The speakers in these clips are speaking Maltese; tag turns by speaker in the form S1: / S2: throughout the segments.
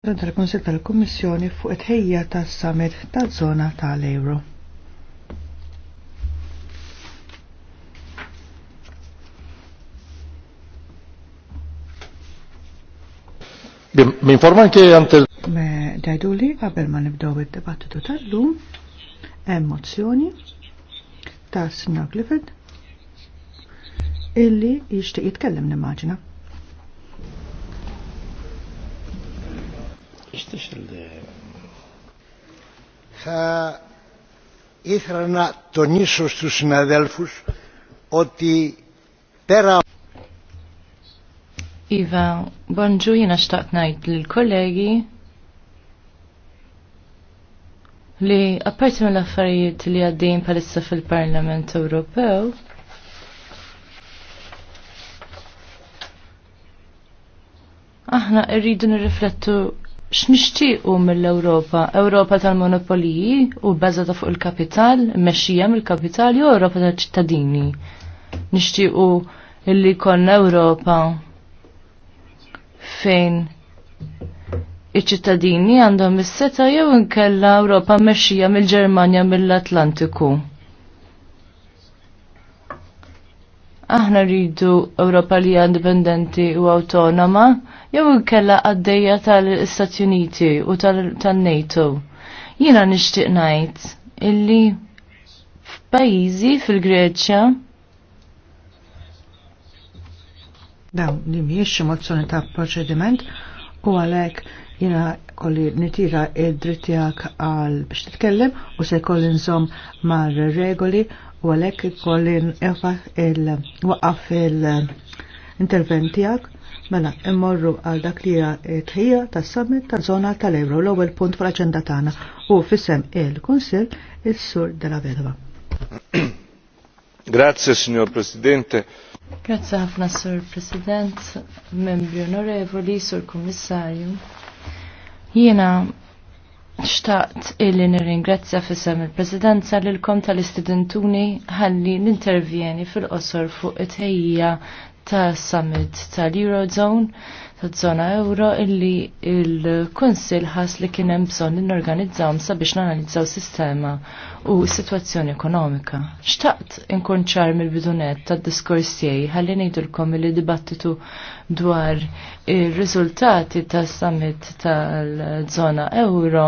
S1: tal-Konsil tal-Kommissjoni fuq it-ħejja tas-summit tal-żona tal-Euro. M'informa anke ante Dajdu li qabel ma nibdew id-dibattitu tal-lum hemm mozzjoni ta' Sinjor Clifford illi jixtieq jitkellem nimmaġina.
S2: Ixtiex Θα ήθελα να τονίσω στους συναδέλφους ότι πέρα Iva, bonġu jina xtaqt najt l-kollegi li apparti mill affarijiet li għaddin palissa fil-Parlament Ewropew, aħna irridu nirriflettu x'nixtiequ mill-Ewropa? Ewropa tal-monopoliji u bbażata fuq il-kapital, mexxija mill-kapital jew Ewropa tal-ċittadini? Nixtiequ illi jkollna Ewropa fejn iċ-ċittadini għandhom is-seta jew inkella Ewropa mexxija mill-Ġermanja mill-Atlantiku. aħna rridu Ewropa li indipendenti u autonoma, jew kella għaddejja tal-Istati Uniti u tal-NATO. Jiena nixtieq ngħid illi f'pajjiżi fil-Greċja
S1: Dawn li mhijiex mozzjoni ta' proċediment u għalhekk jiena kolli nitira id-drittijak għal biex titkellem u se kolli nżom mar regoli u għalek kolli il-waqaf il-interventijak mela immorru għal dak li tħija ta' summit ta' zona tal ebro l ewwel punt fl-aġenda tagħna u fissem il-Kunsill il-Sur della Vedova.
S2: Grazie, signor Presidente. Grazie ħafna, Sur President, membri onorevoli, Sur Kommissarju. Jena xtaqt illi nirringrazzja fissam il-presidenza l-kom tal-istudentuni ħalli l-intervjeni fil-qosor fuq it-ħejja ta' summit tal-Eurozone taż-żona euro illi il-Kunsil ħas li kien hemm bżonn organizzawm sabiex nanalizzaw sistema u s-sitwazzjoni ekonomika. Xtaqt inkun ċar mill-bidunet tad-diskors tiegħi ħalli ngħidulkom li dibattitu dwar ir-riżultati tas-summit tal zona euro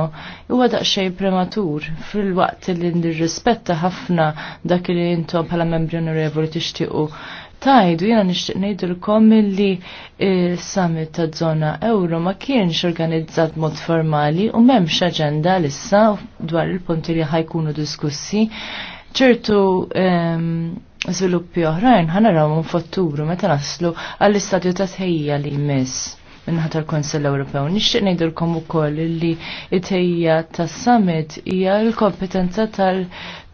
S2: huwa daqsxejn prematur fil-waqt li nirrispetta ħafna dak li intom bħala membri onorevoli tixtiequ tajdu jena nishtiq nejdilkom li il-summit ta' zona euro ma kienx organizzat mod formali u memx agenda lissa dwar il-punti li ħajkunu diskussi ċertu ehm, sviluppi oħrajn un f'Ottubru meta naslu għall-istadju ta' tħejja li jmiss minnaħat tal-Konsell Ewropew. Nixtieq ngħidulkom ukoll li t-tejja tas-summit hija l-kompetenza -tal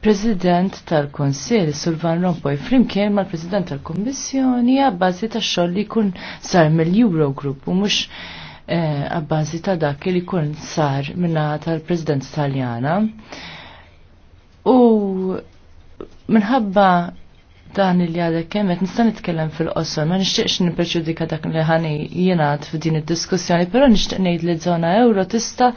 S2: President tal-Konsil, Sulvan Rompoy flimkien mal president tal-Kommissjoni għabbażi ta' xogħol li jkun sar mill-Eurogroup u mhux eh, għabbażi ta' dak li jkun sar minna tal-President Taljana. U minħabba dan li għadek kemmet nista' nitkellem fil-qosor, ma nixtieqx nipperġudika dak li ħani jingħad f'din id-diskussjoni, però nixtieq ngħid li żona euro tista'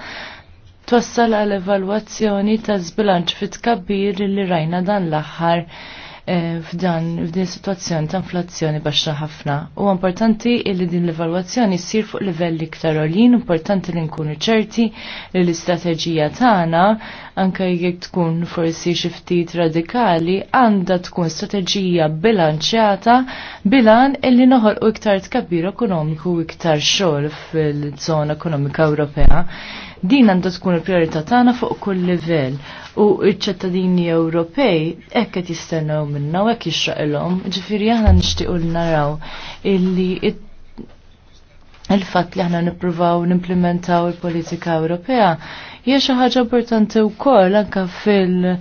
S2: twassal għal evalwazzjoni ta' zbilanċ fit kabbir li rajna dan l-aħħar eh, f'dan f'din situazzjoni ta' inflazzjoni baxxa ħafna. U importanti li din l-evalwazzjoni ssir fuq livelli iktar olin, importanti li nkunu ċerti li l-istrateġija tagħna anke jekk tkun forsi xi ftit radikali għandha tkun strateġija bilanċjata bilan illi noħolqu iktar tkabbir ekonomiku u iktar xogħol fil-żona ekonomika Ewropea. Din għandha tkun il-priorità tagħna fuq kull livell u ċ-ċittadini Ewropej hekk qed jistennew minna u hekk jixraqilhom, ġifieri aħna nixtiequ naraw illi il-fatt li aħna nippruvaw nimplementaw il-politika Ewropea hija xi ħaġa importanti wkoll anke fil-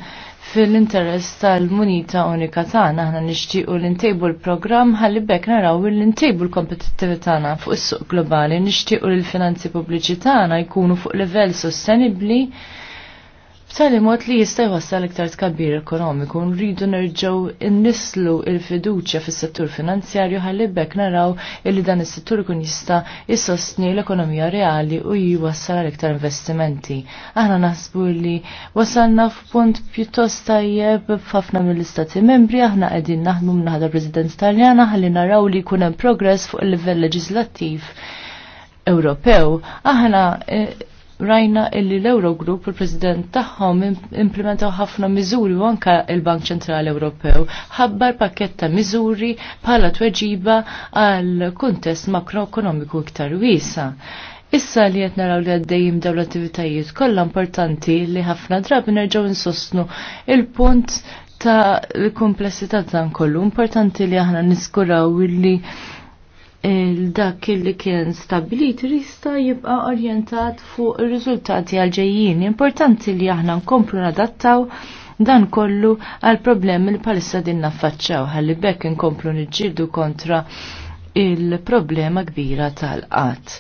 S2: fil-interess tal-munita unika tagħna aħna nixtiequ l intejbu l-programm ħalli bekk naraw l intejbu l-kompetittivi tagħna fuq is-suq globali, nixtiequ l-finanzi pubbliċi tagħna jkunu fuq livell sostenibbli b'tali mod li jista' jwassal iktar tkabbir ekonomiku nridu nerġgħu innislu l fiduċja fis-settur finanzjarju ħalli bekk naraw li dan is-settur ikun jista' jissostni l-ekonomija reali u jiwassal l iktar investimenti. Aħna naħsbu li wasalna f'punt pjuttost tajjeb f'ħafna mill-istati membri aħna qegħdin naħdmu minnaħda President Taljana ħalli naraw li jkun hemm progress fuq il-livell leġislattiv Ewropew. Aħna eh, rajna illi l-Eurogroup u l-President tagħhom implementaw ħafna miżuri u anka il-Bank Ċentrali Ewropew ħabbar pakket ta' miżuri bħala tweġiba għal kuntest makroekonomiku iktar wiesa. Issa li qed naraw li għaddejjim dawn l-attivitajiet kollha importanti li ħafna drabi nerġgħu insostnu il-punt ta' l-komplessità dan kollu importanti li aħna niskuraw illi dak li kien stabilit rista jibqa' orjentat fuq ir-riżultati għal Importanti li aħna nkomplu nadattaw dan kollu għal problemi li palissa din naffaċċaw ħalli bekk nkomplu niġġieldu kontra il-problema kbira tal-qatt.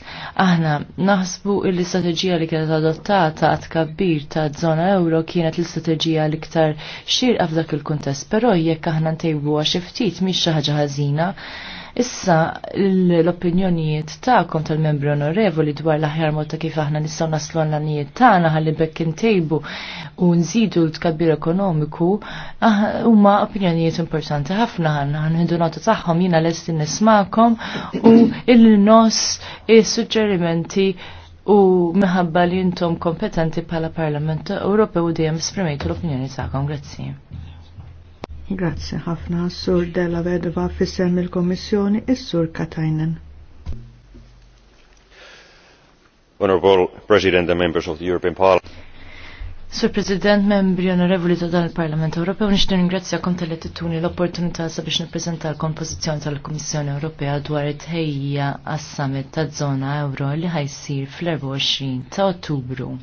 S2: Aħna naħsbu l-istrateġija li kienet adottata għat kabbir ta' zona euro kienet l-istrateġija li ktar xirqa f'dak il-kuntest, però jekk aħna ntejbuha xi ftit mhix xi ħaġa ħażina Issa l-opinjonijiet ta'kom tal-membri onorevoli dwar l-aħjar mod ta' kif aħna nistgħu naslu l-anijiet tagħna ħalli bekk intejbu u nżidu l-tkabbir ekonomiku ah, huma opinjonijiet importanti ħafna ħanna ħanħidu nota tagħhom jiena lesti nismakom u il-nos is-suġġerimenti u minħabba li intom kompetenti bħala Parlament Ewropew dejjem esprimejtu l-opinjoni tagħkom. Grazzi.
S1: Grazzi ħafna, Sur Della Vedova fissem il kommissjoni is Sur Katajnen. Honorable President and members of the European Parliament.
S2: Sur President, membri onorevoli ta' dan il-Parlament Ewropew, nixtu ringrazzjakom tal-li l-opportunità sabiex l-kompożizzjoni tal-Kummissjoni Ewropea dwar it-ħejja għas-summit ta' zona euro li ħajsir fl-24 ta' Ottubru.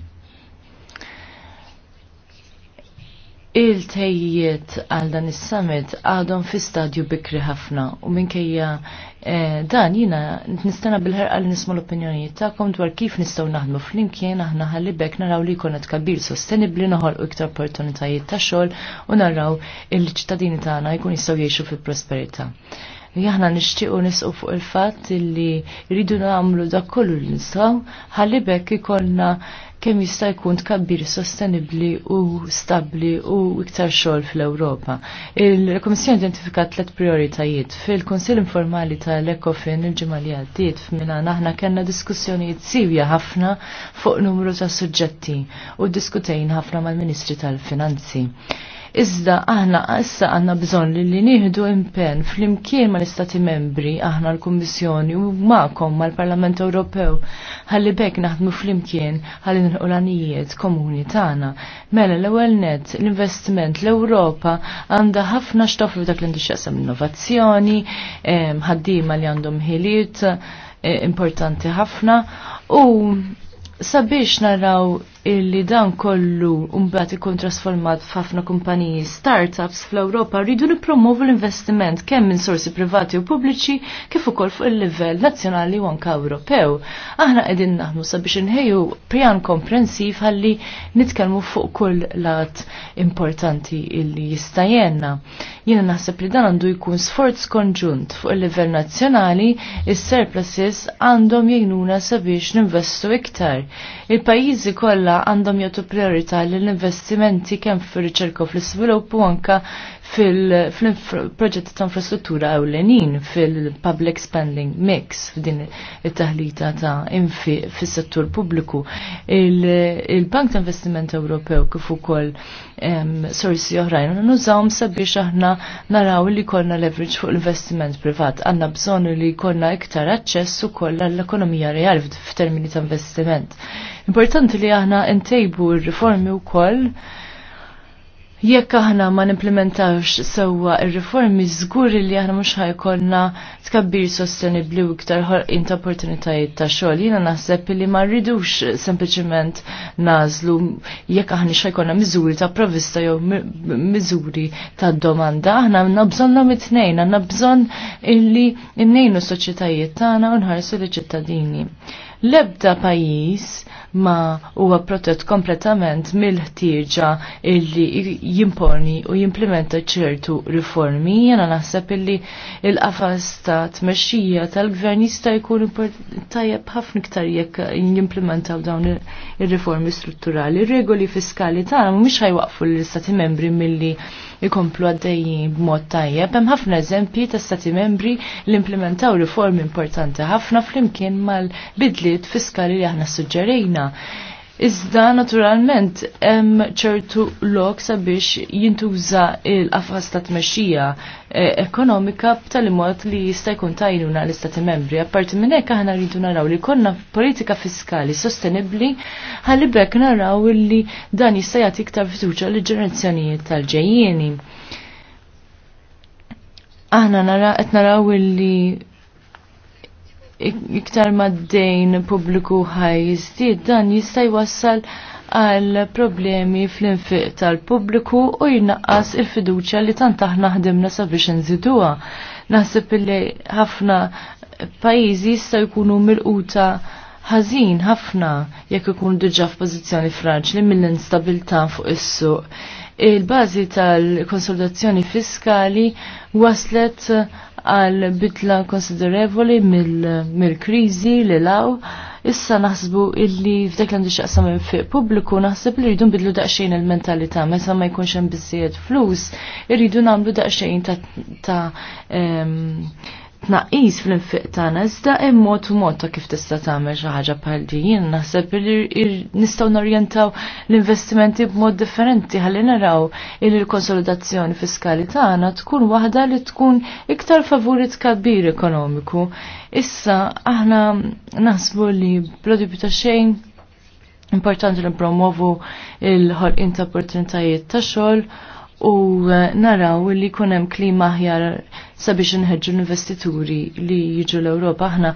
S2: Il-tejjiet għal dan is-summit għadhom fi stadju bikri ħafna u minkejja eh, dan jina nistana bil-ħerqa li nisma l-opinjonijiet tagħkom dwar kif nistgħu naħdmu flimkien aħna ħalli bekk naraw li jkun qed kabir sostenibbli u iktar opportunitajiet ta' xogħol u naraw il-ċittadini tagħna jkun jistgħu jgħixu fi prosperità. Jahna nishtiqu nisqu fuq il-fat li rridu namlu dak kollu li nistaw, ħalli bekk ikollna kemm jista' jkun tkabbir sostenibbli u stabbli u iktar xogħol fl-Ewropa. Il-Komissjoni identifikat tliet prioritajiet. Fil-Kunsill Informali tal-Ekofin il-ġimgħa li għaddiet f'Milan aħna kellna diskussjonijiet sivja ħafna fuq numru ta' suġġetti u diskutejn ħafna mal-Ministri tal-Finanzi. Iżda aħna issa għanna bżon li li nieħdu impen fl-imkien ma l-Istati membri aħna l-Kommissjoni u ma'kom ma l-Parlament Ewropew ħalli bekk naħdmu fl-imkien ħalli nħolanijiet komuni tagħna. Mela l-ewwel net l-investiment l-Ewropa għandha ħafna xtofru dak l innovazzjoni, ħaddiema li għandhom ħiliet eh, importanti ħafna u sabiex naraw illi dan kollu mbagħad ikun trasformat f'ħafna kumpaniji startups fl-Ewropa rridu nippromovu l-investiment kemm minn sorsi privati u pubbliċi kif ukoll fuq il-livell nazzjonali u anke Ewropew. Aħna qegħdin naħnu sabiex inħejju pjan komprensiv ħalli nitkellmu fuq kull lat importanti illi jista' jenna. Jiena naħseb li dan għandu jkun sforz konġunt fuq il-livell nazzjonali, is-surpluses għandhom jgħinuna sabiex ninvestu iktar. Il-pajjiżi kollha għandhom jagħtu priorità lill-investimenti kemm fir-riċerka u fl-iżvilupp u anke fil-proġett ta' infrastruttura ewlenin fil-public spending mix f'din it-taħlita ta' infi fis-settur pubbliku. Il-Bank ta' Investiment Ewropew kif ukoll sorsi oħrajn nużawhom sabiex aħna naraw li jkollna leverage fuq investiment privat. Għandna bżonn li jkollna iktar aċċess ukoll għall-ekonomija reali f'termini ta' investiment. Importanti li aħna ntejbu r-riformi wkoll Jekk aħna ma nimplementawx sewwa ir-riformi żgur li aħna mhux ħajkollna tkabbir sostenibbli u iktar ħolqien ta' opportunitajiet ta' xogħol. Jiena naħseb li ma rridux sempliċement nażlu jekk aħna xajkollna miżuri ta' provvista jew miżuri ta' domanda. Aħna għandna bżonnhom it-tnejn, għandna bżonn illi nnejnu s-soċjetajiet tagħna u nħarsu l-ċittadini. L-ebda pajjiż ma huwa protett kompletament mill-ħtieġa illi jimponi u jimplementa ċertu riformi. Jena naħseb illi il-qafas ta' tmexxija tal-gvern jista' jkun tajjeb ħafna iktar jekk jimplementaw dawn ir-riformi strutturali. Regoli fiskali tagħna mhumiex ħajwaqfu l-istati membri milli jkomplu għaddejjin b'mod tajjeb. Hemm ħafna eżempji ta' stati membri li implementaw riformi importanti ħafna flimkien mal-bidliet fiskali li aħna suġġerejna Iżda naturalment hemm ċertu lok sabiex jintuża l qafas ta' tmexxija eh, ekonomika b'tali mod li jista' jkun tajnuna l-Istati Membri. Apparti minn hekk aħna rridu naraw li konna politika fiskali sostenibbli ħalli bekk naraw li dan jista' jagħti iktar fiduċja lill-ġenerazzjonijiet tal-ġejjieni. Aħna nara qed naraw li iktar maddejn publiku pubbliku ħaj jiżdied dan jista' jwassal għal problemi fl-infiq tal-pubbliku u jnaqqas il-fiduċja li tant aħna ħdimna sabiex nżiduha. Naħseb li ħafna pajjiżi jista' jkunu milquta ħażin ħafna jekk ikun diġà f'pożizzjoni fraġli mill-instabilità fuq is-suq. Il-bażi tal-konsolidazzjoni fiskali waslet għal bidla konsiderevoli mill-krizi li law. Issa naħsbu illi f'dak l-għandu xaqsam fiq publiku naħseb li rridu nbidlu daqxejn il-mentalità, meta ma jkunx hemm biżejjed flus, irridu nagħmlu daqxejn ta' tnaqis fl-infiq tagħna iżda hemm mod u mod ta' kif tista' tagħmel xi ħaġa bħal di. Jien naħseb li nistgħu norjentaw l-investimenti b'mod differenti ħalli naraw il l-konsolidazzjoni fiskali tagħna tkun waħda li tkun iktar favorit kabir ekonomiku. Issa aħna naħsbu li produbi ta' xejn importanti li promovu il-ħolqien ta' opportunitajiet ta' xogħol u eh, naraw li kunem klima ħjar sabiex nħedġu investituri li jiġu l-Ewropa. Aħna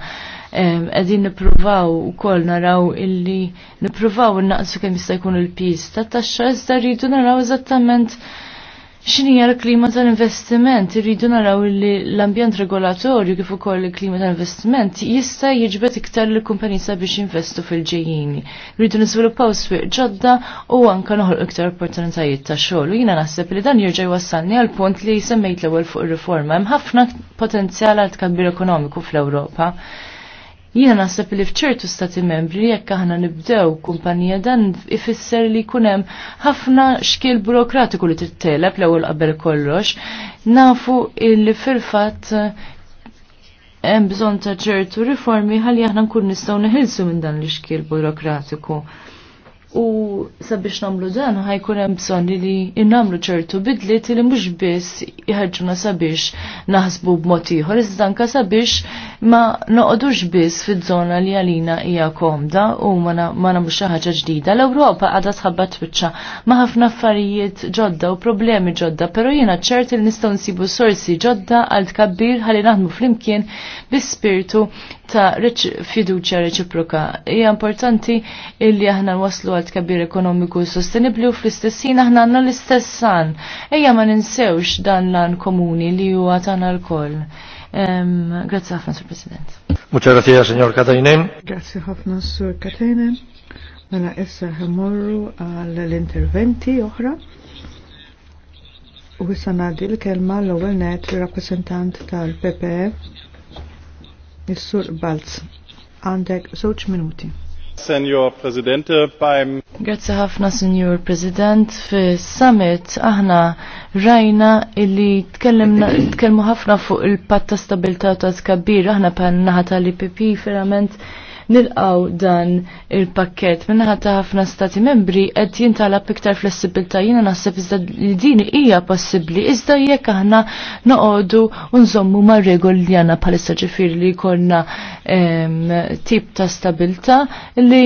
S2: qegħdin nippruvaw ukoll naraw illi nippruvaw innaqsu kemm jista' jkun il-pis ta' taxxa iżda rridu naraw eżattament x'inhi l-klima tal-investiment, irridu naraw li l-ambjent regolatorju kif ukoll il-klima tal-investiment jista' jiġbet iktar l kumpaniji biex jinvestu fil-ġejjini. Rridu niżviluppaw swieq ġodda u anke noħol iktar opportunitajiet ta' xogħol. U jiena naħseb li dan jirġa' jwassalni għal punt li semmejt l-ewwel fuq ir-riforma. Hemm ħafna potenzjal għal tkabbir ekonomiku fl-Ewropa Jiena naħseb li fċertu stati membri jekk aħna nibdew kumpanija dan ifisser li jkun hemm ħafna xkiel burokratiku li tittelab l-ewwel qabel kollox. Nafu li fil-fatt eh, hemm bżonn ta' ċertu riformi ħalli aħna nkun nistgħu neħilsu minn dan l ixkil burokratiku. U sabiex nagħmlu dan ħajkun hemm bżonn li innamlu ċertu bidliet li mhux biss jħarġuna sabiex naħsbu b'mod ieħor, iżda anke sabiex ma noqodux biss fiż-żona li għalina hija komda u ma nagħmlu xi ħaġa ġdida. L-Ewropa għadha tħabba twiċċa ma' ħafna affarijiet ġodda u problemi ġodda, però jiena ċert li nistgħu nsibu sorsi ġodda għal tkabbir ħalli naħdmu flimkien bis-spirtu ta' fiduċja reċiproka. Hija importanti illi aħna waslu għal tkabbir ekonomiku sostenibli u fl-istessin aħna għandna l-istess san. Ejja ma ninsewx dan lan komuni li huwa tagħna l-koll. Grazie ħafna, Sir President. Muċa grazie, Signor Katajnen. Grazie ħafna, Sir Katajnen.
S1: Mela essa ħemorru għall-interventi oħra. U issa nadi l-kelma l-ewwel net rappresentant tal-PPE,
S2: il sur Balz. Għandek żewġ minuti.
S1: Senjor
S3: beim...
S2: Grazie ħafna, Senjor President. Fi summit aħna rajna illi tkellmu ħafna fuq il-patta stabilta ta' tkabbir. Aħna pan naħata li pipi verament nilqaw dan il-pakket. minna ta' ħafna stati membri qed jintalab iktar flessibilità jiena naħseb iżda li din hija possibbli iżda jekk aħna noqogħdu u nżommu ma' regoli li għandna bħalissa ġifier li jkollna ehm, tip ta' stabilità li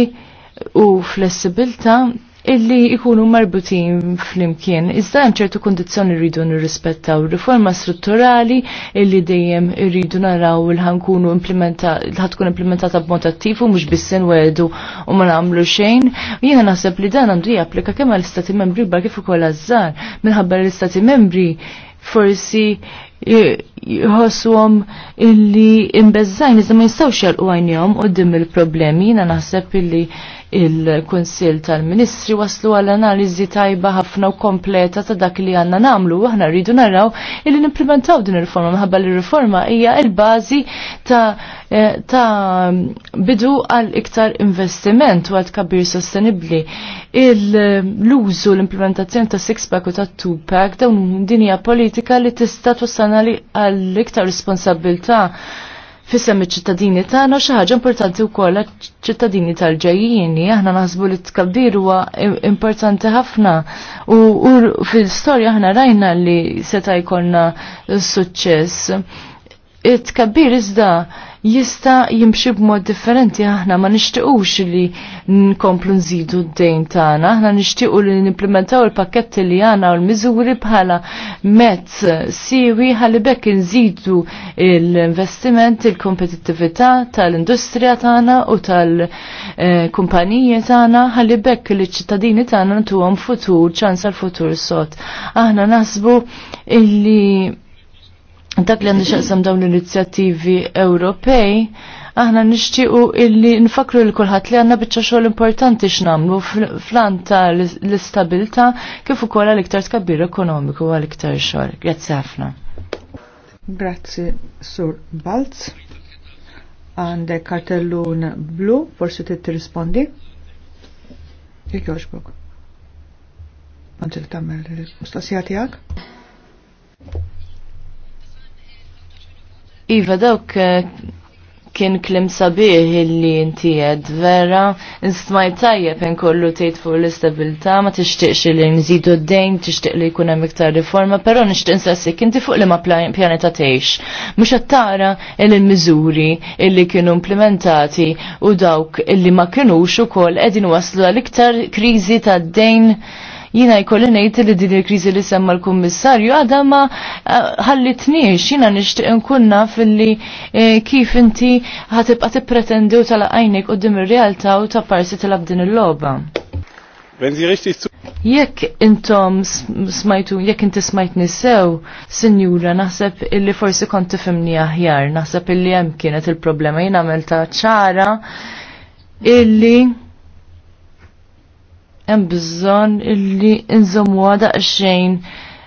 S2: u flessibilità illi ikunu marbutin flimkien. Iżda hemm ċertu kondizjoni rridu nirrispettaw riforma strutturali illi dejjem irridu naraw il ħankunu ħatkun implementata b'mod attiv u mhux bissin wedu u ma nagħmlu xejn. Jiena naħseb li dan għandu japplika kemm għall-Istati Membri bar kif ukoll għazzar minħabba l-Istati Membri forsi jħossuhom illi imbeżżajn iżda ma jistgħux jalqu għajnihom qudiem il-problemi. Jiena naħseb illi il-Kunsill tal-Ministri waslu għall analiżi tajba ħafna u kompleta ta' dak li għandna nagħmlu u aħna rridu naraw illi nimplementaw din il reforma maħabba li riforma hija l-bażi ta', eh, ta bidu għal iktar investiment u għal kabir sostenibbli. L-użu l-implementazzjoni ta' six-pack u ta' two-pack dawn din hija politika li tista' li għal iktar responsabilta' fissem iċ-ċittadini tagħna xi ħaġa importanti wkoll ċittadini tal-ġejjini aħna naħsbu li tkabbir huwa importanti ħafna u, fil-istorja aħna rajna li seta' jkollna suċċess. It-tkabbir iżda jista jimxi b'mod differenti aħna ma nixtiequx li nkomplu nżidu d-dejn tagħna, aħna nixtiequ li nimplementaw il-pakketti li għana u l-miżuri bħala mezz siwi ħalli bekk nżidu l-investiment, il-kompetittività tal-industrija tagħna u tal-kumpaniji tagħna ħalli bekk li ċittadini tagħna ntuhom futur ċans għal futur sot. Aħna nasbu illi dak li għandix għasam dawn l-inizjattivi Ewropej, aħna nishtiqu illi nfakru li kulħadd li għandna biċċa xogħol importanti x'namlu flan ta' l-istabilta kif ukoll l iktar tkabbir ekonomiku għal-iktar xogħol. Grazzi ħafna.
S1: Grazzi Sur Balz. Għande kartellun blu, forsi tirrispondi. Il-Joġbok. Għanġil tamel, l-mustasija
S2: Iva, dawk eh, kien klim sabiħ illi inti għed vera, nstmaj tajjeb nkollu tgħid fuq l-istabilta, ma tixtieqx li nżidu d-dejn, tixtieq li jkun hemm iktar riforma, però nixtieq insassik inti fuq li ma pjaneta tgħix. Mhux qed tara il-miżuri illi kienu implementati u dawk illi ma kinux ukoll qegħdin waslu għal iktar kriżi tad-dejn Jina jkolli ngħid li din il-kriżi li semma l-Kummissarju għadha ma eh, ħallitniex, jina nixtieq nkunna fil-li eh, kif inti ħatibqa' tippretendi u talaqajnek qudiem ir-realtà u tapparsi tilab din il-logħba. Wenn Sie richtig zu Jekk intom smajtu, jekk inti smajt nisew, sinjura, naħseb illi forsi kont tifimni aħjar, naħseb illi hemm kienet il-problema jien għamel ta' ċara illi hemm bżonn illi nżommu għada xejn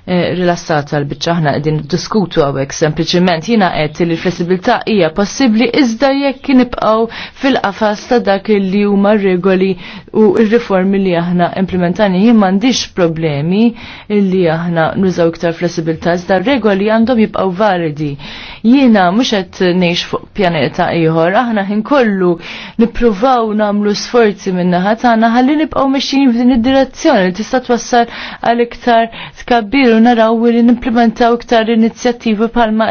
S2: Eh, rilassata l bicċaħna ħna għedin diskutu għawek sempliciment jina għed li flessibilta hija possibli iżda jekk nibqaw fil-qafas ta' dak li huma regoli u r-riformi li aħna implementani jien m'għandix problemi li aħna nużaw iktar flessibilità iżda regoli għandhom jibqaw validi. Jiena mhux qed ngħix fuq pjaneta ieħor, aħna ħin kollu nippruvaw nagħmlu sforzi minnaħa tagħna ħalli nibqgħu mexjin f'din id-direzzjoni li tista' twassal għal iktar tkabbir irridu naraw li nimplementaw iktar inizjattivi palma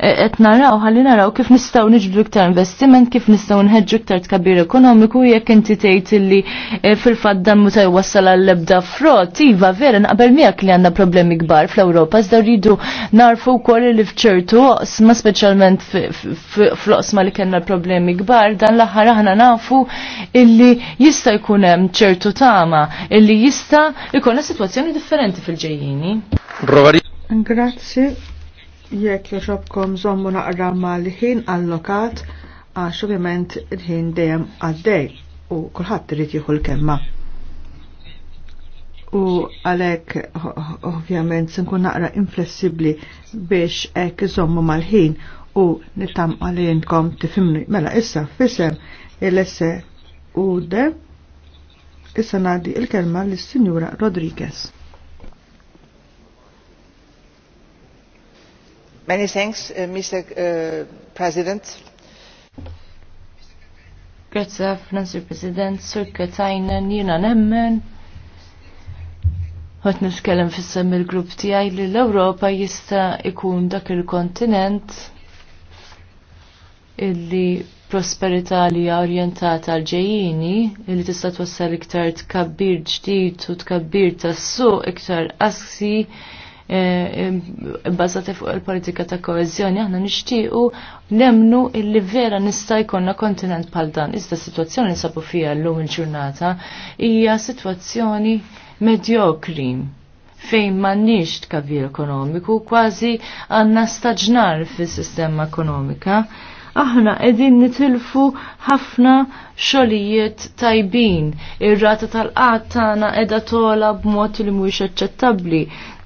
S2: qed naraw ħalli naraw kif nistgħu niġbdu iktar investiment, kif nistgħu nħeġġu iktar tkabbir ekonomiku jekk inti tgħid li eh, fil-fatt dan muta jwassal għall-ebda frott, iva vera naqbel miegħek li għandna problemi kbar fl-Ewropa, iżda rridu narfu wkoll li fċertu oqsma speċjalment fl-oqsma li kellna problemi kbar, dan l-aħħar aħna nafu illi jista' jkun hemm ċertu tama, illi jista' jkollna sitwazzjoni differenti fil-ġejjini. Grazie. Grazzi. Jekk xobkom zommu naqra mal-ħin
S1: allokat għax ovvjament il-ħin dejjem għaddej u kulħadd irid jieħu l-kemma. U għalhekk ovvjament se nkun naqra inflessibbli biex hekk iżommu mal-ħin u nitam għalinkom tifimni. Mela issa fisem il-esse u de issa nadi il-kelma lis-Sinjura Rodriguez. Many thanks, uh, Mr. Uh, President.
S2: Grazie ħafna, President, Sir Katajnen, Nina nemmen. Għat niskellem fissam il-grupp tijaj li l-Europa jista ikun dak il-kontinent illi prosperita li orientata għal ġejjini illi tista' twassal iktar tkabbir ġdid u tkabbir tas-suq iktar assi bbażati eh, fuq il-politika ta' koeżjoni aħna nixtiequ nemnu illi vera nista' jkollna kontinent bħal dan. Iżda situazzjoni sitwazzjoni li sabu fiha llum il-ġurnata hija sitwazzjoni medjokri fejn m'għandniex tkabbir ekonomiku, kważi għandna staġnar fis-sistema ekonomika aħna edin nitilfu ħafna xolijiet tajbin. Ir-rata tal-qat tagħna qiegħda tola b'mod li mhuwiex aċċettabbli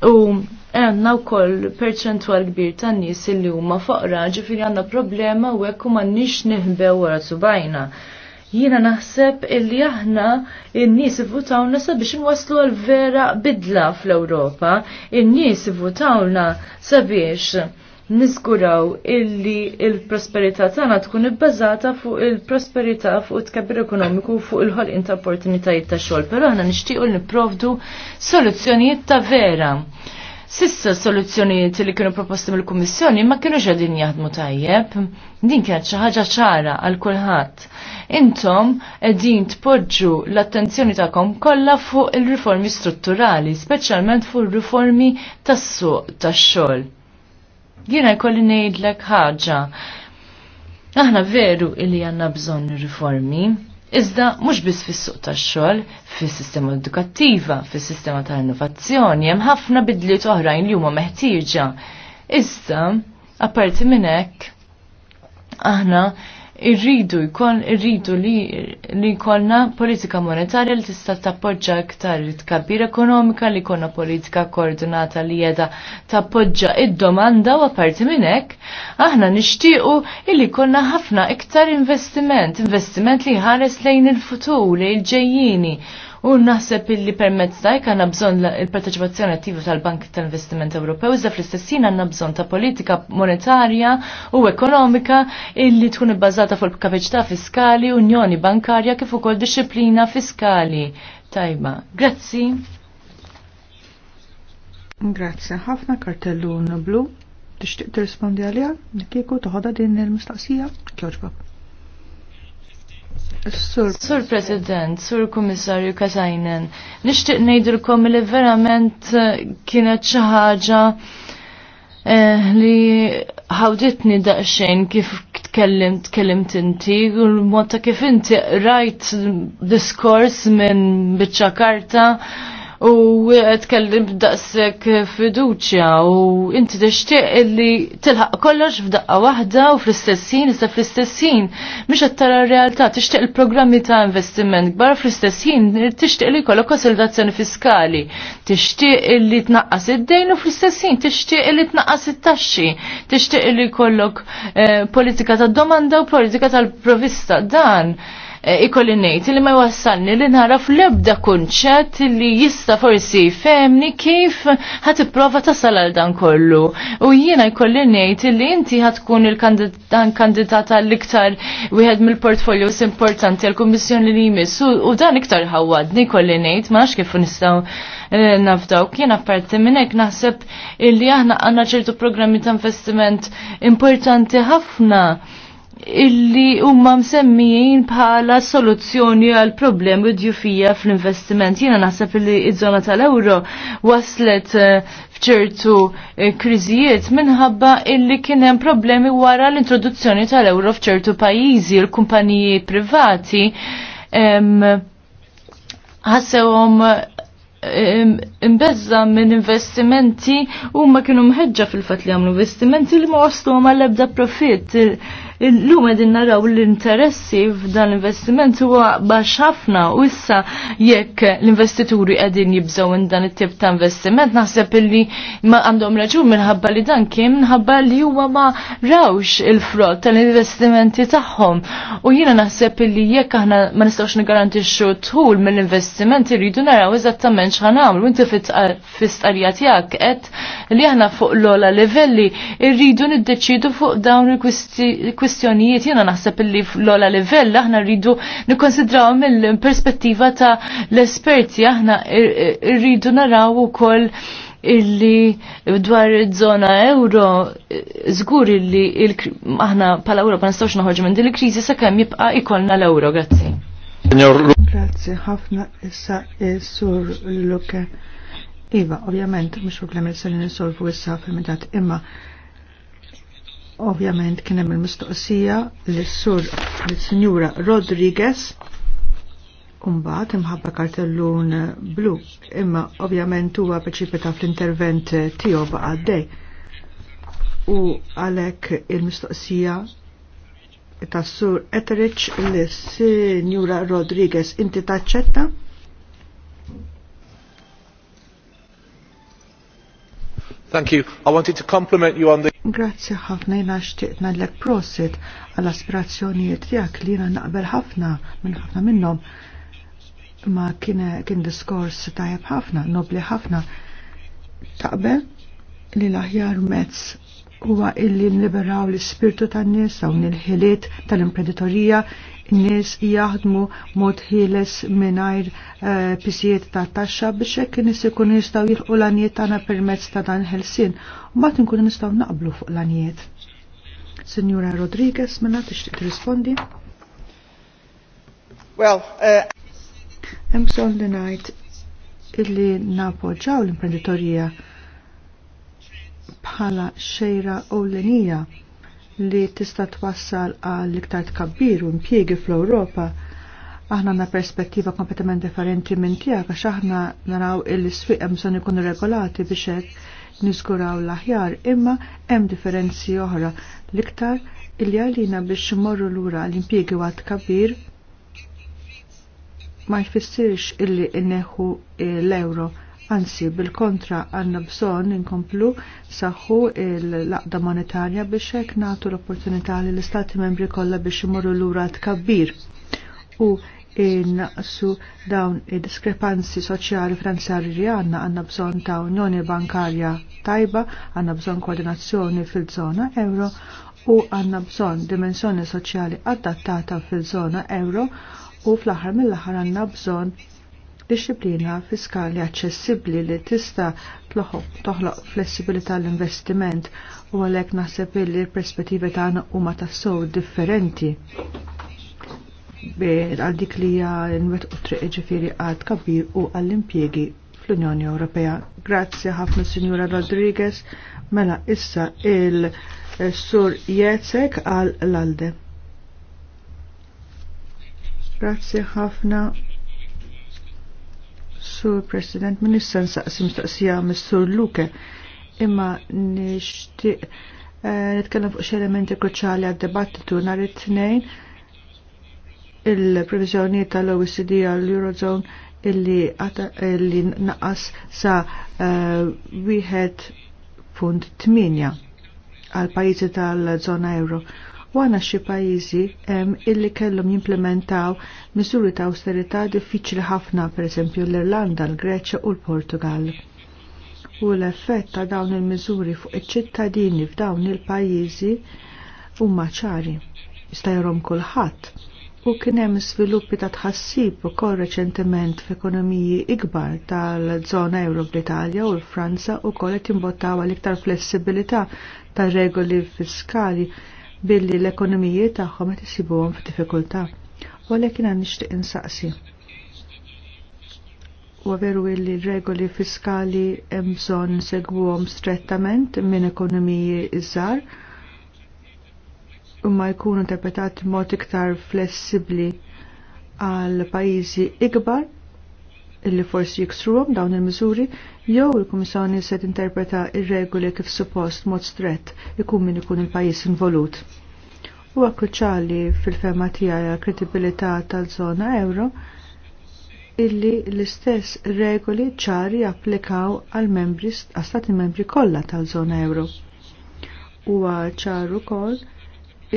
S2: u għanna u koll perċentual kbir tan nis li huma foqra ġifiri għanna problema u għekku ma' nix nihbew wara subajna. Jina naħseb illi aħna n-nis votawna sabiex nwaslu għal vera bidla fl-Europa. N-nis votawna sabiex niżguraw illi il-prosperità tagħna tkun ibbażata fuq il-prosperità fuq it-kabbir ekonomiku fuq il-ħolqien ta' opportunitajiet ta' xogħol, però aħna nixtiequ nipprovdu soluzzjonijiet ta' vera. Sissa soluzzjonijiet li kienu proposti mill-Kummissjoni ma kienu ġedin jaħdmu tajjeb. Din kienet xi ħaġa ċara għal kulħadd. Intom qegħdin tpoġġu l-attenzjoni tagħkom kollha fuq il-riformi strutturali, speċjalment fuq il-riformi tas-suq tax-xogħol. Jiena jkolli ngħidlek ħaġa. Aħna veru illi għandna bżonn riformi, Iżda mhux biss fis-suq tax-xogħol, fis-sistema edukattiva, fis-sistema ta' innovazzjoni hemm ħafna bidliet oħrajn li huma meħtieġa. Iżda apparti minn hekk aħna irridu jkun irridu li jkollna politika monetarja li tista' tappoġġa iktar tkabbir ekonomika li jkollna politika koordinata li jeda tappoġġa id-domanda u apparti minn hekk aħna nixtiequ li jkollna ħafna iktar investiment, investiment li ħares lejn il-futur, il-ġejjini. il futur lejn il il ġejjini U naħseb illi permezz dajk għanna bżon il-parteċipazzjoni attiva tal-Bank tal-Investiment Ewropew, iżda fl-istessin għanna bżon ta' politika monetarja u ekonomika illi tkun ibbażata fuq il-kapacità fiskali, unjoni bankarja kif ukoll disciplina fiskali. Tajba, grazzi. Grazzi,
S1: ħafna kartellun blu. Tixtieq tirrispondi għalija, Nikieku toħodha din il-mistaqsija, kjoġbok.
S2: Sur, President, Sur Kommissarju Katajnen, nixtieq nejdilkom li verament eh, kienet xi ħaġa eh, li ħawditni daqsxejn kif tkellim tkellimt inti u l-mod kif inti rajt diskors minn biċċa karta u tkellim b'daqsek fiduċja u inti tixtieq illi tilħaq kollox f'daqqa waħda u fl-istessin issa fl-istessin miex qed tara r-realtà tixtieq il-programmi ta' investiment gbar fl-istessin tixtieq li jkollok konsolidazzjoni fiskali tixtieq illi tnaqqas id-dejn u fl-istessin tixtieq illi tnaqqas it-taxxi tixtieq illi jkollok eh, politika tad domanda u politika tal-provista dan Eh, ikolli ngħid li ma jwassalni li naraf l-ebda kunċett li jista' forsi femni kif ħat prova tasal għal dan kollu. U jiena jkolli ngħid li inti ħad tkun il-kandidata l-iktar wieħed mill-portfolios importanti għal kummissjoni li jimis u dan iktar ħawadni kolli ngħid ma kif nistgħu eh, nafdaw. Kien apparti minn hekk naħseb illi aħna għandna ċertu programmi ta' investiment importanti ħafna illi huma msemmijin bħala soluzzjoni għal problemi djufija fl-investiment. Jiena naħseb illi iż-żona tal-euro waslet eh, fċertu eh, kriżijiet minħabba illi kien hemm problemi wara l-introduzzjoni tal-euro fċertu pajjiżi, l-kumpaniji privati ħassewhom imbezza minn investimenti u ma kienu mħedġa fil-fat li għamlu investimenti li ma waslu ma ebda profit Illum qegħdin naraw l-interessi f'dan l-investiment huwa baxx ħafna u issa jekk l-investituri qegħdin jibżgħu dan it-tip ta' investiment naħseb illi ma għandhom raġun minħabba li dan kien minħabba li huwa ma rawx il-frott tal-investimenti tagħhom. U jiena naħseb illi jekk aħna ma nistgħux nigarantixxu tħul mill investiment rridu naraw eżattament x'ħanamlu. Inti fis-qarja tiegħek qed li aħna fuq l-ola livelli rridu niddeċidu fuq dawn il kwistijiet kwistjonijiet jiena naħseb illi fl ola livell aħna rridu nikkonsidraw mill-perspettiva ta' l-esperti aħna rridu naraw ukoll illi dwar zona euro zgur illi il aħna pala Europa nistawx naħorġu minn din il-kriżi sakemm jibqa' ikolna l-euro, grazzi. Grazzi ħafna
S1: issa sur Luke. Iva, ovvjament, mhux problemi se nisolvu issa fil-mitat imma Ovvjament kien hemm il-mistoqsija lis-sur lis-Sinjura Rodriguez Umbat imħabba kartellun blu, imma ovvjament huwa peċipita fl-intervent tiegħu baqa' għaddej. U għalhekk il-mistoqsija tas-sur Eterich lis-Sinjura Rodriguez inti taċċetta?
S3: Thank you. I wanted to compliment you on the
S1: Grazzi ħafna jina xtiqna l-ek prosit għall-aspirazzjonijiet tijak li jina naqbel ħafna minn ħafna minnom ma kien, kien diskors tajab ħafna, nobli ħafna. Taqbel li l-aħjar mezz huwa illi nliberaw l-ispirtu tan-nies dawn il-ħiliet tal-imprenditorija nies jaħdmu mod ħieles mingħajr eh, pisijiet ta' taxxa biex hekk nies ikunu jistgħu jilħqu l-anijiet tagħna permezz ta' dan ħelsien u mbagħad inkunu nistgħu naqblu fuq l-anijiet. Signora Rodriguez, minna mela tixtieq tirrispondi? Well, eh, hemm bżonn li ngħid illi napoġġaw l-imprenditorija bħala xejra ewlenija li tista' twassal għal iktar tkabbir u impjiegi fl-Ewropa aħna għandna perspettiva kompletament differenti minn tiegħek għax aħna naraw il-swieq hemm bżonn ikunu regolati biex hekk niżguraw l-aħjar imma hemm differenzi oħra l-iktar illi għalina biex morru lura l-impjiegi għad kabir ma jfissirx illi inneħu l-euro Anzi, bil-kontra għanna bżon inkomplu saħħu l-laqda monetarja biex hekk nagħtu l-opportunità li l-istati membri kollha biex imorru lura tkabbir. U innaqsu dawn id-diskrepanzi soċjali finanzjarji li għanna għanna bżon ta' unjoni bankarja tajba, għanna bżon koordinazzjoni fil-żona euro u għanna bżon dimensjoni soċjali adattata fil-żona euro u fl-aħħar mill-aħħar għanna bżon disciplina fiskali aċċessibbli li tista' toħloq flessibilità l-investiment u għalhekk naħseb li l-perspettivi tagħna huma tassew differenti għal dik li hija nwettqu triq ġifieri għad kabir u għall-impjiegi fl-Unjoni Ewropea. Grazzi ħafna Sinjura Rodriguez, mela issa il-Sur Jezek għal l-Alde. Grazzi ħafna Sur President, Minister nsaqsim staqsija Mr. Luke, imma nishti eh, nitkellem fuq xi elementi kruċali għad debattitu nhar it-tnejn il-previżjoni tal-OECD għall-Eurozone illi li naqas sa eh, wieħed tminja għal pajjiżi tal-żona euro U għana xi pajjiżi illi kellhom jimplementaw miżuri ta' austerita diffiċli ħafna, pereżempju l-Irlanda, l-Greċja u l-Portugal. U l-effett ta' dawn il-miżuri fuq iċ-ċittadini f'dawn il-pajjiżi huma ċari. Stajrom kulħadd u kien hemm sviluppi ta' tħassib ukoll reċentement f'ekonomiji ikbar tal-żona Euro fl-Italja u l-Franza u qed imbottaw għal iktar flessibilità tar regoli fiskali billi l-ekonomiji tagħhom qed isibuhom f'diffikultà. Għalhekk għandi nixtieq insaqsi. Huwa veru li regoli fiskali hemm bżonn segwuhom strettament minn ekonomiji iżgħar imma jkunu interpretati mod iktar flessibbli għal pajjiżi ikbar illi forsi jiksruhom dawn il-miżuri jew il-Kummissjoni se tinterpreta ir-regoli kif suppost mod strett ikun min ikun il-pajjiż involut. Huwa kruċjali fil-fema tiegħi kredibilità tal-żona euro illi l-istess regoli ċari applikaw għal membri għal stati membri kollha tal-żona euro. Huwa ċaru koll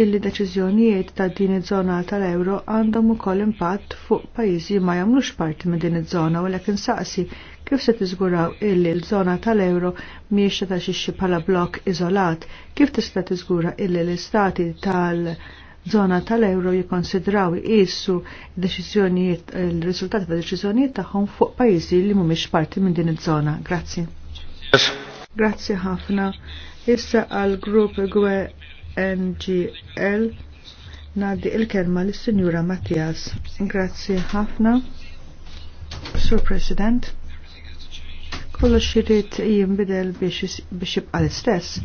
S1: illi deċiżjonijiet ta' din iż-żona tal-euro għandhom ukoll impatt fuq pajjiżi ma jagħmlux parti minn din iż-żona u lekin saqsi kif se tiżguraw illi l-żona tal-euro mhijiex se taxixxi bħala blok iżolat, kif tista' tiżgura illi l-istati tal-żona tal-euro jikkonsidraw iqisu deċiżjonijiet il-riżultati ta' deċiżjonijiet tagħhom fuq pajjiżi li mhumiex parti minn din iż-żona. Grazzi. Grazzi ħafna. Issa għal grupp gwe NGL Nadi il-kelma l sinjura Mattias. Grazzi ħafna. Sur President. Kollox irrid jinbidel biex jibqa l-istess.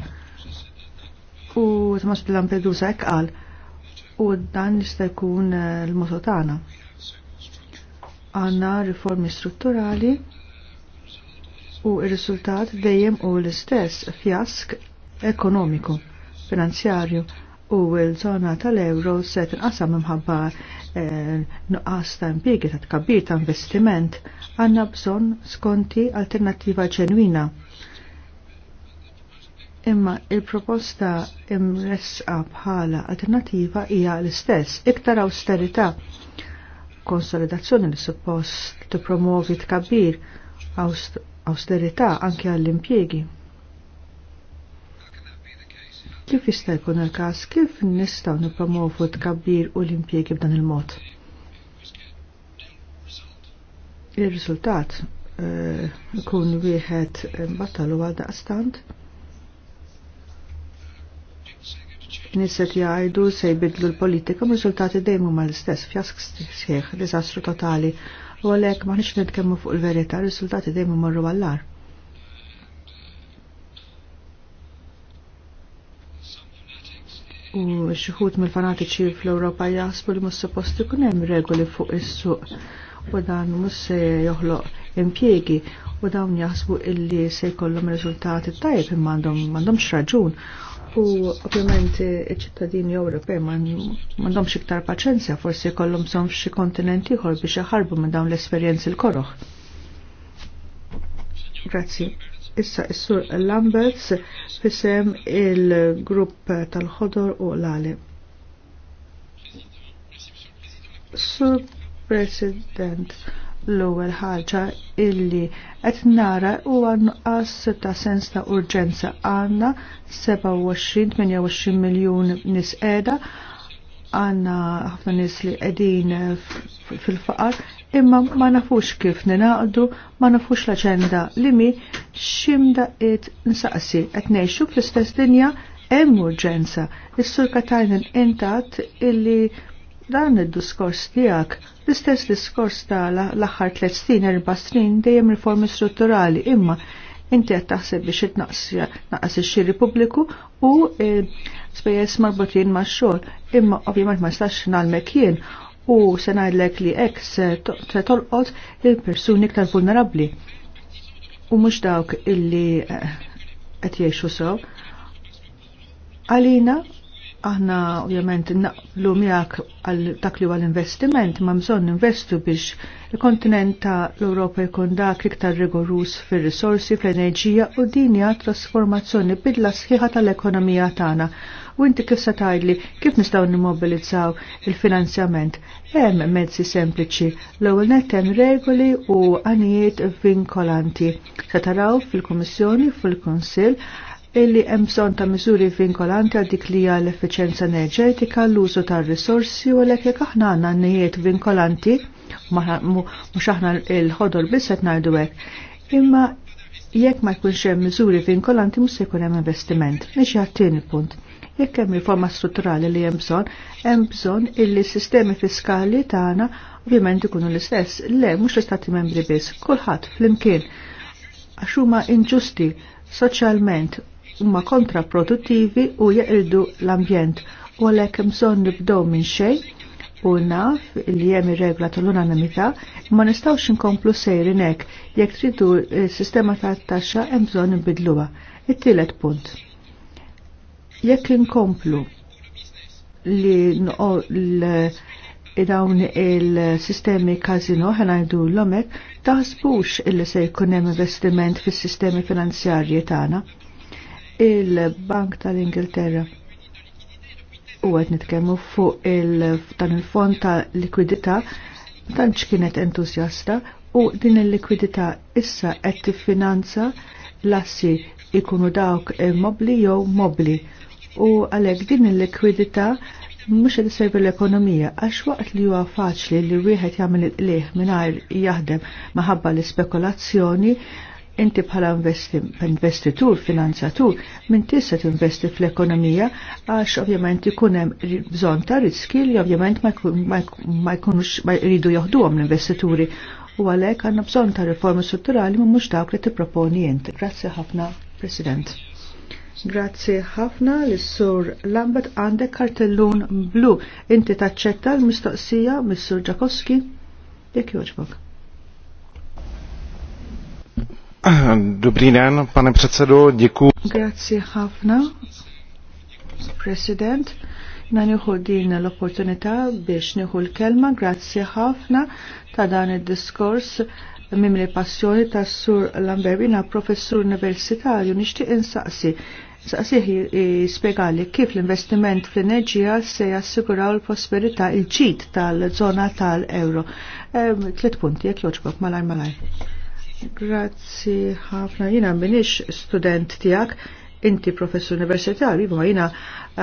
S1: U Tomas Lampedusa hekk qal u dan jista' jkun eh, l-moto tagħna. Għanna riformi strutturali u r-riżultat dejjem u l-istess fjask ekonomiku finanzjarju u l-zona tal-euro se tinqasam imħabba eh, nuqqas ta' impiegi ta' tkabbir ta' investiment għandna bżonn skonti alternattiva ġenwina. Imma il-proposta imresqa bħala alternattiva hija l-istess, iktar austerità, konsolidazzjoni li suppost tippromovi tkabbir austerità anke għall-impjiegi kif jista' jkun il-każ kif nistgħu nippromovu tkabbir u l-impjiegi b'dan il-mod. Ir-riżultat il eh, ikun uh, wieħed battalu għal daqstant. Nisset jgħidu se jbidlu l-politika, m-riżultati dejjem huma l-istess, fjask sieħ, diżastru totali. U għalhekk maħniċ nitkemmu fuq il-verità, r-riżultati dejjem marru għall U xħut mill-fanatiċi fl-Europa jasbu li mus suppost ikun hemm regoli fuq is-suq u dan mus se joħloq impjiegi u dawn jaħsbu illi se jkollhom riżultati tajjeb imma għandhom m'għandhomx raġun. U ovvjament iċ-ċittadini Ewropej m'għandhomx iktar paċenzja forsi jkollhom bżonn f'xi kontinent ieħor biex jaħarbu minn dawn l-esperjenzi l-koroħ. Grazzi issa is-sur Lamberts fisem il-grupp tal-ħodor u l-għali. Sur President, l-ewwel ħaġa illi qed nara huwa nuqqas ta' sens ta' urġenza għandna 27-28 miljun nis qiegħda għandna ħafna nies li qegħdin fil-faqar imma ma nafux kif ninaqdu, ma nafux l li mi ximda it nsaqsi, et neħxu fl-istess dinja hemm urġenza. Is-sur Katajnen intat illi dan id-diskors tiegħek l-istess diskors ta' l-aħħar tliet snin erba' snin dejjem riformi strutturali imma inti qed taħseb biex naqas ix-xiri pubbliku u eh, spejjeż marbutin max-xogħol imma ovvjament ma jistax nagħmel jien u se ngħidlek li hekk se tolqot il-persuni iktar vulnerabbli u mhux dawk illi eh, qed jgħixu sew. Għalina aħna ovvjament naqblu miak għal dak li għal investiment ma bżonn investu biex il-kontinent ta' l-Ewropa jkun dak iktar rigorus fir-risorsi, fl-enerġija u din hija trasformazzjoni bidla sħiħa tal-ekonomija tagħna. U inti kif se tgħidli kif nistgħu nimmobilizzaw il-finanzjament? Hemm mezzi sempliċi, l-ewwel net hemm regoli u għanijiet vinkolanti. Se taraw fil-Kummissjoni, fil-Kunsill, illi hemm bżonn ta' miżuri vinkolanti għal dik li hija l-effiċenza enerġetika, l-użu tar-risorsi u għalhekk jekk aħna għandna nijiet vinkolanti, mhux aħna l-ħodor biss qed ngħidu hekk, imma jekk ma jkunx hemm miżuri vinkolanti mhux se jkun hemm investiment. Niġi għat-tieni punt. Jekk hemm riforma strutturali li hemm bżonn, hemm bżonn illi s-sistemi fiskali tagħna ovvjament ikunu l-istess. Le, mhux l-istati membri biss, kulħadd flimkien għax huma inġusti soċjalment huma kontraproduttivi u jeqildu l-ambjent u għalhekk bżonn nibdew minn xejn u naf li hemm ir-regla tal-unanimità ma nistgħux inkomplu sejrin hekk jekk tridu s-sistema tat-taxxa hemm bżonn nbidluha. It-tielet punt. Jekk inkomplu li dawn il-sistemi kazino ħanajdu l-omek taħsbux illi se jkun hemm investiment fis-sistemi finanzjarji tagħna il-Bank tal-Ingilterra. U għed nitkellmu fuq il-dan il-fond ta' likwidità tantx kienet entużjasta u din il-likwidità issa qed tiffinanza lassi assi ikunu dawk mobli jew mobli. U għalhekk din il-likwidità mhux qed isservi l-ekonomija għax waqt li huwa faċli li wieħed jagħmel il-qlieħ mingħajr jaħdem maħabba l-ispekulazzjoni Inti bħala investitur, finanzatur, minn tista tinvesti fl-ekonomija għax ovvjament ikun hemm bżonn ta' riski li ovvjament ma jkunux ma jridu joħduhom l-investituri u għalhekk għandna bżonn ta' riformi strutturali ma mhux dawk li tipproponi inti. Grazzi ħafna, President. Grazzi ħafna l-Sur Lambert għandek kartellun blu. Inti taċċetta l-mistoqsija mis-Sur Ġakowski. Jekk joġbok.
S2: Dobrý den, pane předsedo, děkuji.
S1: Grazie ħafna, president. Na nieħu din l-opportunità biex nieħu l-kelma, grazzi ħafna ta' dan id-diskors mimri passjoni ta' Sur Lamberbina, professur universitarju, nixtieq insaqsi hi spiegali kif l-investiment fl-enerġija se jassiguraw l prosperita il-ġid tal-zona tal-euro. Tlet punti, jek joġbok, malaj malaj. Grazzi ħafna, jina minix student tijak, inti professur universitarju, ma jina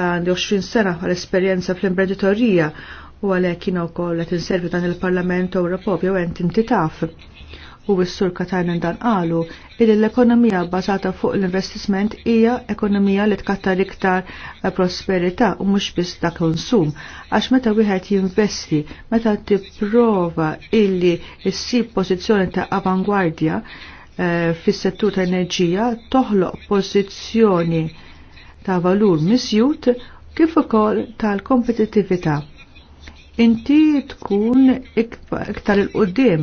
S1: għandi 20 sena għal esperienza fl-imprenditorija u għalek jina u koll għet inservi dan il-Parlament Ewropew, jew għent inti taf u s-sur Katajnen dan qalu illi l-ekonomija bbażata fuq l-investiment hija ekonomija li tkattar iktar eh, prosperità u mhux biss ta' konsum għax meta wieħed jinvesti meta tipprova illi ssib pożizzjoni ta' avangwardja eh, fis-settur ta' enerġija toħloq pożizzjoni ta' valur misjut kif ukoll tal-kompetittività. Inti tkun iktar il-qudiem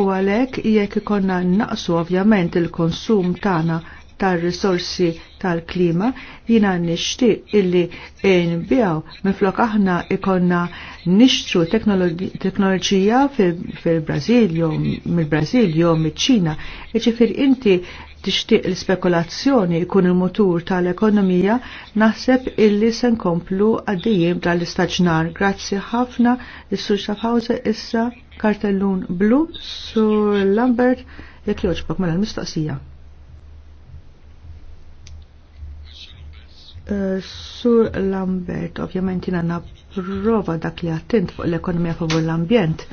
S1: U għalhekk jekk ikonna naqsu ovvjament il-konsum tagħna tal-risorsi tal-klima jina nishti illi bjaw miflok aħna ikonna nishtru teknoloġija fil-Brazil jew mill-Brazil jew miċ-Ċina. Iġifier inti tixtieq l-spekulazzjoni jkun il-motur tal-ekonomija naħseb illi se nkomplu għaddijiem tal-istaġnar. Grazzi ħafna is-Sur Schaffhauser issa kartellun blu sur Lambert jekk joġbok mela l-mistoqsija. Eh, sur Lambert, ovvjament jina prova dak li attent fuq l-ekonomija favur l-ambjent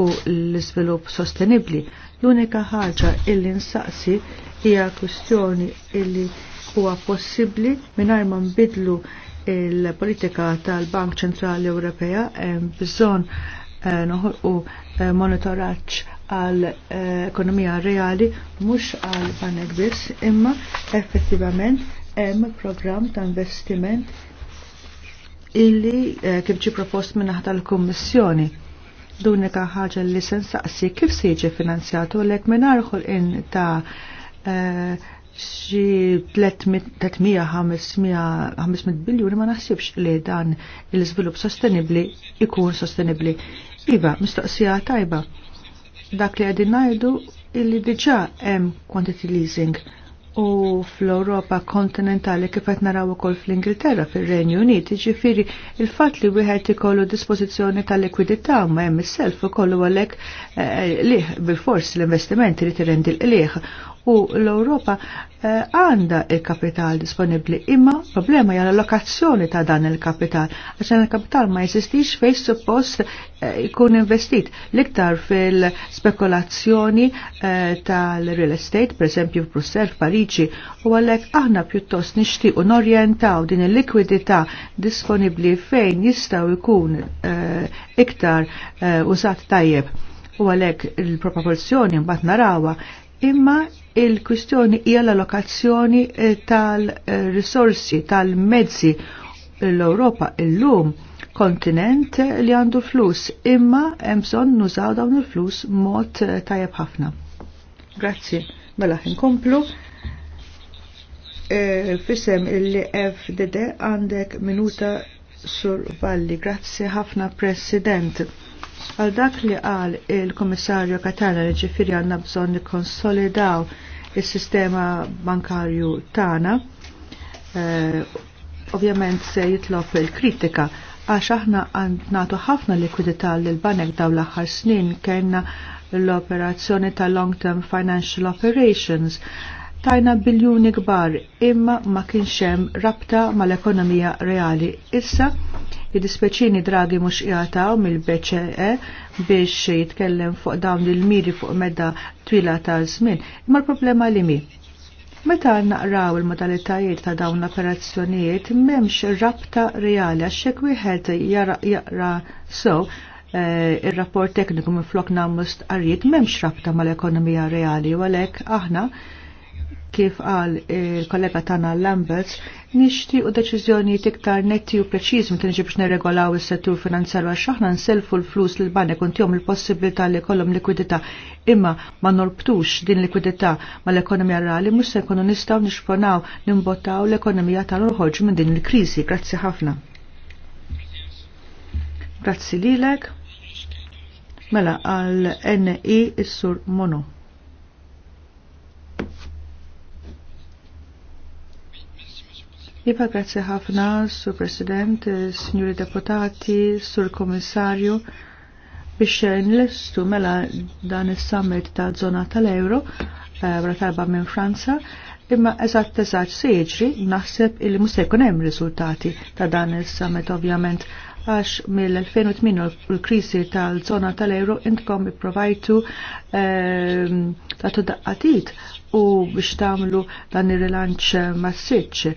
S1: u l-izvilupp sostenibli. L-unika ħaġa illi nsaqsi hija kustjoni illi huwa possibbli mingħajr ma nbidlu il-politika tal-Bank Ċentrali Ewropea hemm bżonn Eh, noħolqu eh, monitoraġġ għal eh, ekonomija reali mhux għal panek biss imma effettivament hemm programm ta' investiment illi kif ġi propost minn naħta l-Kummissjoni. L-unika ħaġa li sensaqsi kif se jiġi finanzjatu l-ek minn in ta' xi 300-500 biljuni ma naħsibx li dan il-żvilupp sostenibbli ikun sostenibbli. Iva, mistoqsija tajba. Dak li għadin najdu illi diġà hemm quantity leasing u fl-Europa kontinentali kif qed naraw ukoll fl-Ingilterra fir-Renju Unit, jiġifieri il-fatt li wieħed ikollu dispożizzjoni ta' likwidità ma hemm is-self ukoll għalhekk eh, lih bil-fors l-investimenti li tirendi l-qlieħ u l-Europa eh, għanda il-kapital disponibli imma problema hija l-allokazzjoni ta' dan il-kapital għaxan il-kapital ma jesistix fej suppost jkun eh, investit liktar fil-spekulazzjoni eh, tal-real estate per esempio Brussel, Parigi u għalek aħna pjuttost nixtiequ norjentaw din il-likwidità disponibli fejn jistaw jkun iktar użat tajjeb u għalek il-proporzjoni mbagħad narawha imma il-kwistjoni hija l-allokazzjoni eh, tal-risorsi, tal-mezzi l-Europa illum kontinent li għandu flus, imma hemm bżonn nużaw dawn il-flus mod eh, tajjeb ħafna. Grazzi. Mela nkomplu. E, eh, Fisem illi FDD għandek minuta sur Valli. Grazzi ħafna President. Għal dak li qal il-Komissarju Katana li ġifiri għanna bżon li konsolidaw il-sistema bankarju tana, eh, ovvjament se jitlob il-kritika għax aħna nagħtu ħafna likwidità l banek daw l-aħħar snin kena l-operazzjoni ta' long term financial operations tajna biljuni kbar imma ma kienx hemm rabta mal-ekonomija reali. Issa Jidispeċini dragi mux jgħataw mill-BCE biex jitkellem fuq dawn il-miri fuq medda twila ta' żmien. Imma l-problema li mi? Meta naqraw il-modalitajiet ta' dawn l-operazzjonijiet m'hemmx rabta reali għax hekk wieħed jaqra so eh, il-rapport tekniku minn flok namust għarriet, memx rabta mal-ekonomija reali u għalek aħna kif għal il-kollega tana Lamberts, nishti u deċizjoni tiktar netti u preċiż minn tinġi neregolaw is-settur finanzjarju għax aħna nselfu l-flus l banek u ntihom il-possibilità li kollum likwidità imma ma norbtux din likwidità ma l-ekonomija reali mhux se jkunu nistgħu nixpronaw nimbottaw l-ekonomija tal-orħoġ minn din il-kriżi. Grazzi ħafna. Grazzi lilek. Mela għal NI is-sur Mono. Iba ħafna, Sur President, Signori Deputati, Sur Komissarju, biex nlistu mela dan is-summit ta' zona tal-Euro, bratarba eh, minn Franza, imma eżatt eżat se jiġri naħseb il mhux se hemm riżultati ta' dan is-summit ovvjament għax mill-2008 l-krisi tal-zona tal-euro intkom ipprovajtu eh, ta' tudaqqatit u biex tagħmlu dan ir-rilanċ massiċ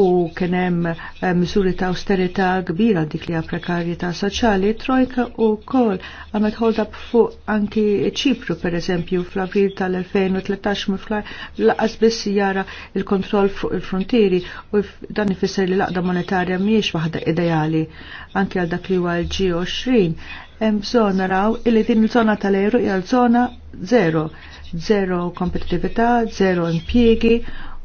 S1: u kien hemm eh, miżuri ta' austerità kbira dik li prekarjetà soċjali trojka u kol għamet hold up fuq anki ċipru per eżempju fl-avril tal-2013 mifl laqas biss jara il-kontroll fuq il-frontieri u dan ifisser li laqda monetarja mhijiex waħda ideali anki għal dak li huwa l-G20 hemm bżonn naraw illi din il-żona tal-euro hija l-żona zero zero kompetitività, zero impjiegi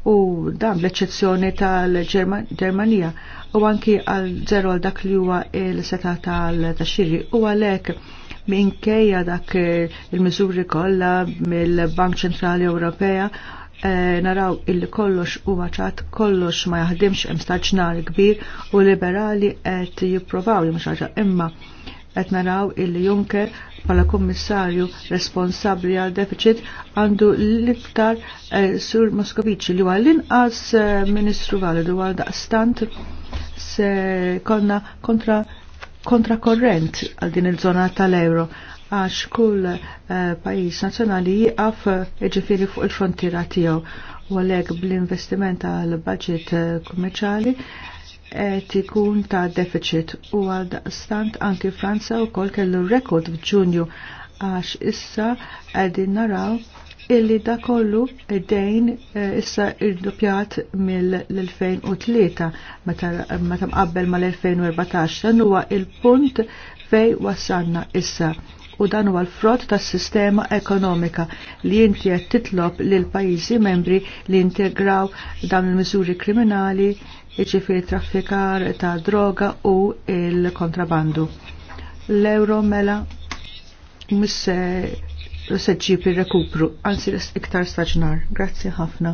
S1: u dan l-eċezzjoni tal-Ġermanija u anki għal zero għal dak li huwa il-seta tal-taxxiri u għalhekk minkejja dak il-miżuri kollha mill-Bank Ċentrali Ewropea eh, naraw il kollox u maċat kollox ma jaħdimx hemm staġnar kbir u liberali qed jipprovaw jimxaġa imma qed naraw illi Juncker bħala kummissarju responsabbli għal deficit għandu l-iktar eh, Sur Moskovici li huwa l-inqas eh, Ministru Validu għal daqstant se konna kontra kontrakorrent għal din il-żona tal-euro għax kull eh, pajis nazzjonali jiqaf eh, ġifiri fuq il frontira tiegħu u għalhekk bl-investiment għal budget kummerċali eh, tikun ta' deficit u għal stant anki Franza u kol kellu rekord f'Ġunju għax issa għedin naraw illi da kollu dejn eh, issa irdupjat mill-2003 meta mqabbel mal-2014 dan huwa il-punt fej wasanna issa u dan huwa l-frott tas-sistema ekonomika li inti qed titlob lil pajjiżi membri li integraw dawn il-miżuri kriminali iġifiri traffikar ta' droga u il-kontrabandu. L-euro mela misse seġġib il-rekupru, għansi iktar staġnar. Grazzi ħafna.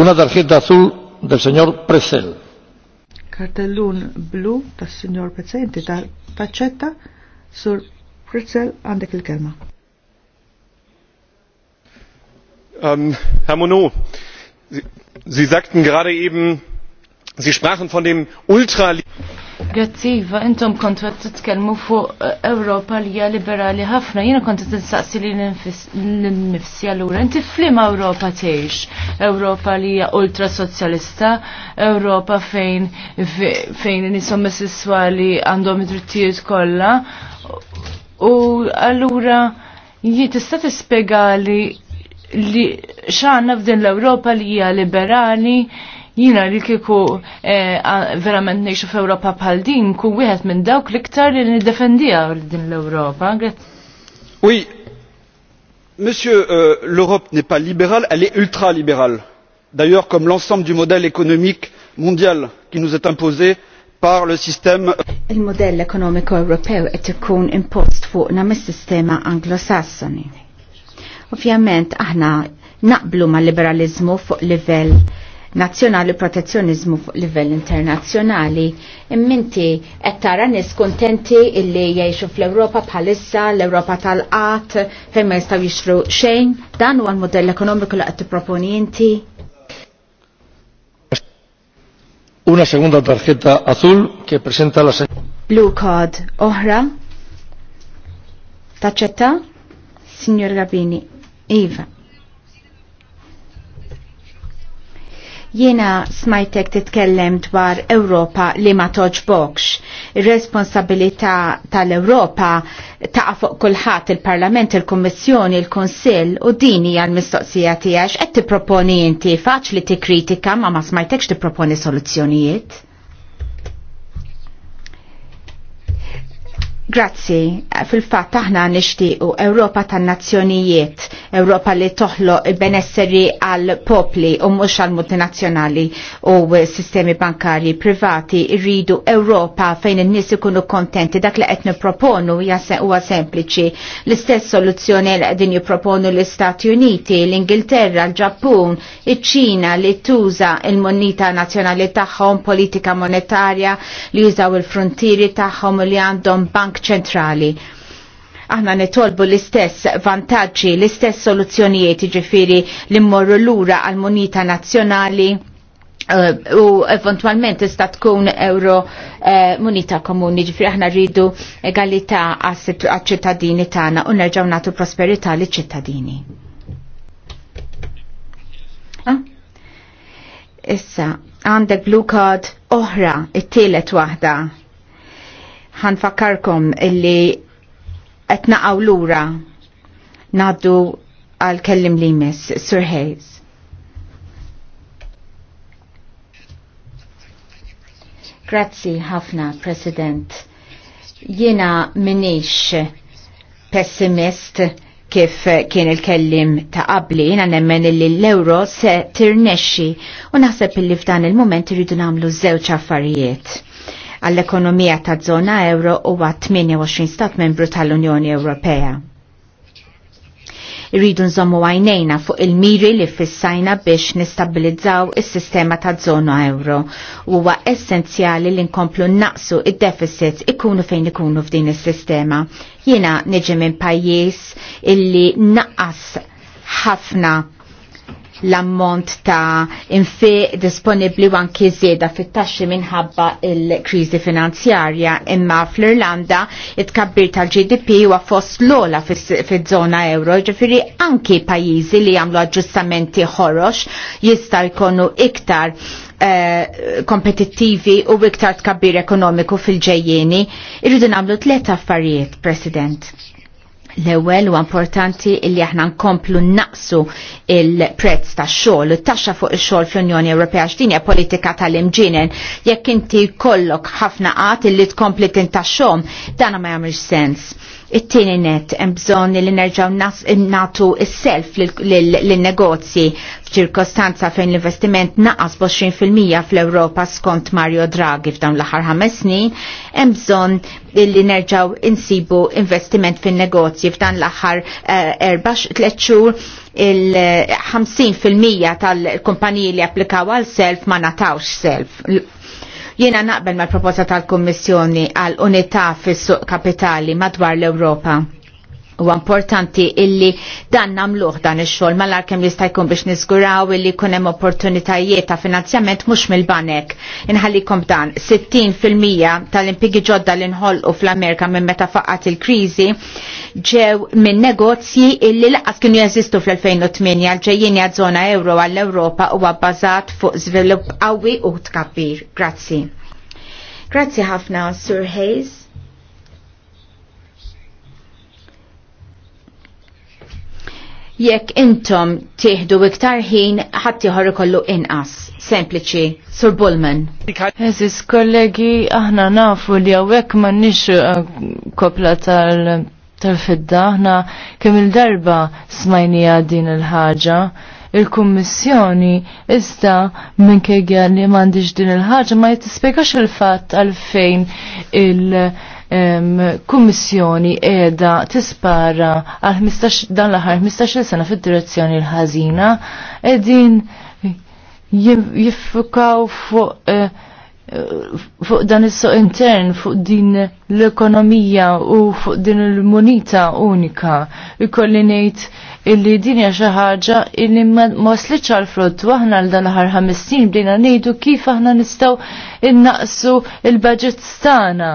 S1: Una tarjeta azul del signor Presel. Kartellun blu tas signor Presel, ta' taċċetta, sur Presel għandek il-kelma.
S3: Um, Sie, sagten gerade eben, Sie sprachen von dem Ultra.
S2: Grazziva, intom kontu għed titkellmu fuq eh, Ewropa li hija liberali ħafna, jiena kont qed nistaqsi li l-nifsi allura. Inti flim Ewropa tgħix, Ewropa li hija ultra sozzjalista, Ewropa fejn fejn nies omosessuali għandhom id-drittijiet kollha. U allura jien tista' tispjegali li xanna f'din l europa li hija liberali jina li kiku eh, verament neħxu f'Europa bħal din, ku wieħed minn dawk liktar li nidefendija din l-Europa.
S3: Oui, monsieur, euh, l'Europe n'est pas libérale, elle est ultra-libérale. D'ailleurs, comme l'ensemble du modèle économique mondial qui nous est imposé
S2: par le système.
S3: Il modèle économique européen est un impost pour le système anglo-sassoni Ovvjament aħna naqblu ma' liberalizmu fuq livell nazzjonali protezzjonizmu fuq livell internazzjonali. Imminti qed tara nies kontenti illi jgħixu fl-Ewropa bħalissa, l-Ewropa tal-qat, fejn ma jistgħu jixtru xejn, dan huwa l-modell ekonomiku li qed tipproponi inti. Una segunda tarjeta azul que presenta la Blue Card oħra. Taċċetta? Signor Gabini, Iva. Jiena smajtek titkellem dwar Ewropa li ma toġbokx. Ir-responsabilità tal-Ewropa taqa' fuq kulħadd il-Parlament, il-Kummissjoni, il-Kunsill u din hija l-mistoqsija tiegħek qed tipproponi inti faċli tikkritika ma ma smajtekx tipproponi soluzzjonijiet. Grazzi, fil-fatt aħna nixtiequ Ewropa tan nazzjonijiet, Ewropa li toħloq benesseri għal popli u mhux għal multinazzjonali u sistemi bankarji privati rridu Ewropa fejn in-nies ikunu kontenti dak li qed nipproponu huwa sempliċi. L-istess soluzzjoni li qegħdin jipproponu l-Istati Uniti, l-Ingilterra, l-Ġappun, iċ-Ċina li tuża il-monita nazzjonali tagħhom politika monetarja li jużaw il-frontieri tagħhom li għandhom bank ċentrali aħna nitolbu l-istess vantaġġi, l-istess soluzzjonijiet ġifiri li mmorru lura għal munita nazzjonali eh, u eventualment tista' tkun euro eh, munita komuni ġifiri aħna rridu egalità għal-ċittadini tagħna u nerġgħu nagħtu prosperità liċ-ċittadini. Ah? Issa, għandek blue card oħra, it-tielet waħda ħanfakarkom illi qed naqgħu lura għal kellim li Sir Hayes. Grazzi ħafna, President. Jiena minix pessimist kif kien il-kellim ta' qabli, jena nemmen li l-euro se tirnexxi u naħseb illi f'dan il-moment irridu nagħmlu żewġ affarijiet għall-ekonomija ta' zona euro u għat 28 stat membru tal-Unjoni Ewropea. Irridu nżommu għajnejna fuq il-miri li fissajna biex nistabilizzaw is-sistema ta' zona euro u huwa essenzjali li nkomplu naqsu il deficit ikunu fejn ikunu f'din is-sistema. Jiena niġi minn pajjiż illi naqas ħafna l-ammont ta' infi disponibli u anki zieda fit-taxxi minħabba il-kriżi finanzjarja imma fl-Irlanda it-kabbir tal-GDP huwa fost l-ola fiż-żona euro ġifiri anki pajjiżi li jagħmlu aġġustamenti ħorox jista' jkunu iktar eh, kompetittivi u iktar tkabbir ekonomiku fil-ġejjeni, irridu nagħmlu tliet affarijiet, President L-ewwel huwa importanti li aħna nkomplu naqsu il-prezz tax-xogħol, it-taxxa fuq ix-xogħol fl-Unjoni Ewropea x'din hija politika tal-imġienen. Jekk inti kollok ħafna qatt illi tkompli xom, dan ma jagħmilx sens. It-tieni net hemm bżonn li nerġgħu natu s-self lin-negozji f'ċirkostanza fejn l-investiment naqas b'20% fl-Ewropa skont Mario Draghi f'dawn l-aħħar ħames snin, hemm bżonn li nerġgħu insibu investiment fin-negozji f'dan l-aħħar eh, erba' tliet xhur il-50% tal-kumpaniji li applikaw għal self ma natawx self Jiena naqbel mal-proposta tal-Kommissjoni għal unità fis-suq kapitali madwar l-Ewropa. U importanti illi dan namluħ dan ix-xogħol malar ar jista' jkun biex niżguraw illi jkun hemm opportunitajiet ta' finanzjament mhux mill-banek. Inħallikom dan 60% tal-impigi ġodda li nħolqu fl-Amerika minn meta faqat il-kriżi ġew minn negozji illi laqas kienu jeżistu fl-2008 għal-ġejjin żona euro għall-Ewropa huwa bbażat fuq żvilupp qawwi u tkabbir. Grazzi. Grazzi ħafna, Sur Hayes. jekk intom tieħdu iktar ħin ħadd ieħor ikollu inqas. Sempliċi, Sur Bullman. Eżis kollegi,
S2: aħna nafu li hawnhekk m'għandniex uh, kopla tal tal-fidda, aħna kemm il-darba smajnija din il-ħaġa il-kummissjoni iżda minn kegja li m'għandix din il ħaġa ma jtispiegax il fatt għalfejn il-, kummissjoni edha tispara għal dan l-aħħar 15 sena fid-direzzjoni l ħazina qegħdin jiffukaw fuq eh, fuq dan is-soq intern, fuq din l-ekonomija u fuq din il-monita unika. Ikolli ngħid illi din hija xi ħaġa illi ma waslitx għal frott aħna għal dan aħħar ħames snin bdejna ngħidu kif aħna nistgħu innaqsu il-budget stana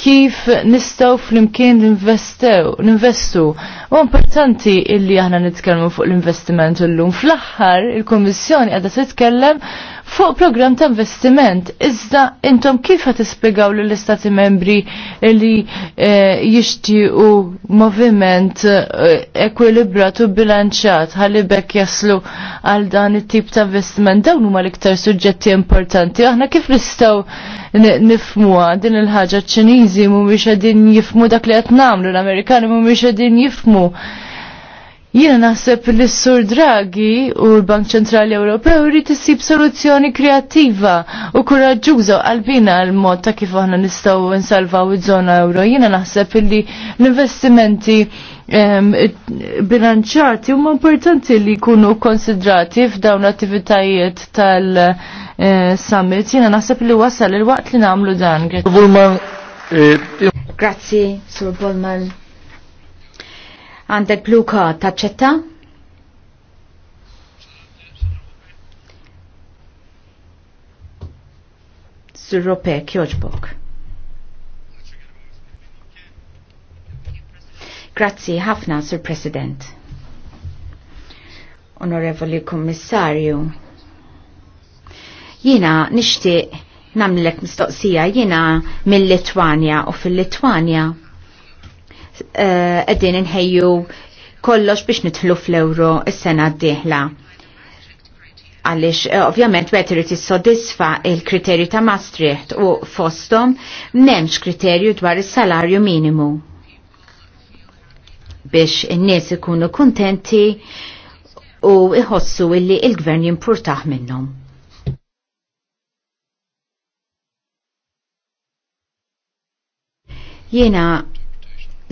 S2: kif nistaw fl-imkien ninvestu U importanti illi aħna nitkellmu fuq l-investiment l-lum. Fl-aħħar il-Kummissjoni qiegħda titkellem fuq programm ta' investiment. Iżda intom kif qed tispjegaw lill-Istati membri li eh, jixtiequ moviment eh, ekwilibrat u bilanċat ħalli bekk jaslu għal dan it-tip ta' investiment dawn huma l-iktar suġġetti importanti. Aħna kif nistgħu nifmu din il-ħaġa ċ-Ċiniżi mhumiex qegħdin jifmu dak li qed nagħmlu l-Amerikani mhumiex qegħdin jifmu Jiena naħseb li s-Sur Draghi u l-Bank Ċentrali Ewropew rrid issib soluzzjoni kreattiva u kuraġġuża għalbina għal mod ta' kif aħna nistgħu nsalvaw iż-żona euro. Jiena naħseb li l-investimenti bilanċati huma importanti li jkunu konsidrati f'dawn l attivitajiet tal-summit. Eh, Jiena naħseb li wasal il-waqt li nagħmlu
S3: dan. Grazzi, Sur Bolman. Għandek blue card, taċċetta? Sur-Ropek, joġbok. Grazzi ħafna, Sur President. Onorevoli Kommissarju, jina nishtiq namlek mistoqsija jina mill litwania u fil litwania Eh, qegħdin inħejju kollox biex nidħlu fl-euro s-sena d-dieħla. Għalix, eh, ovvjament, għet irrit jissodisfa il-kriterju ta' Maastricht u fostom nemx kriterju dwar il-salarju minimu. Biex n-nies ikunu kontenti u iħossu illi il-gvern jimpurtaħ minnom. Jena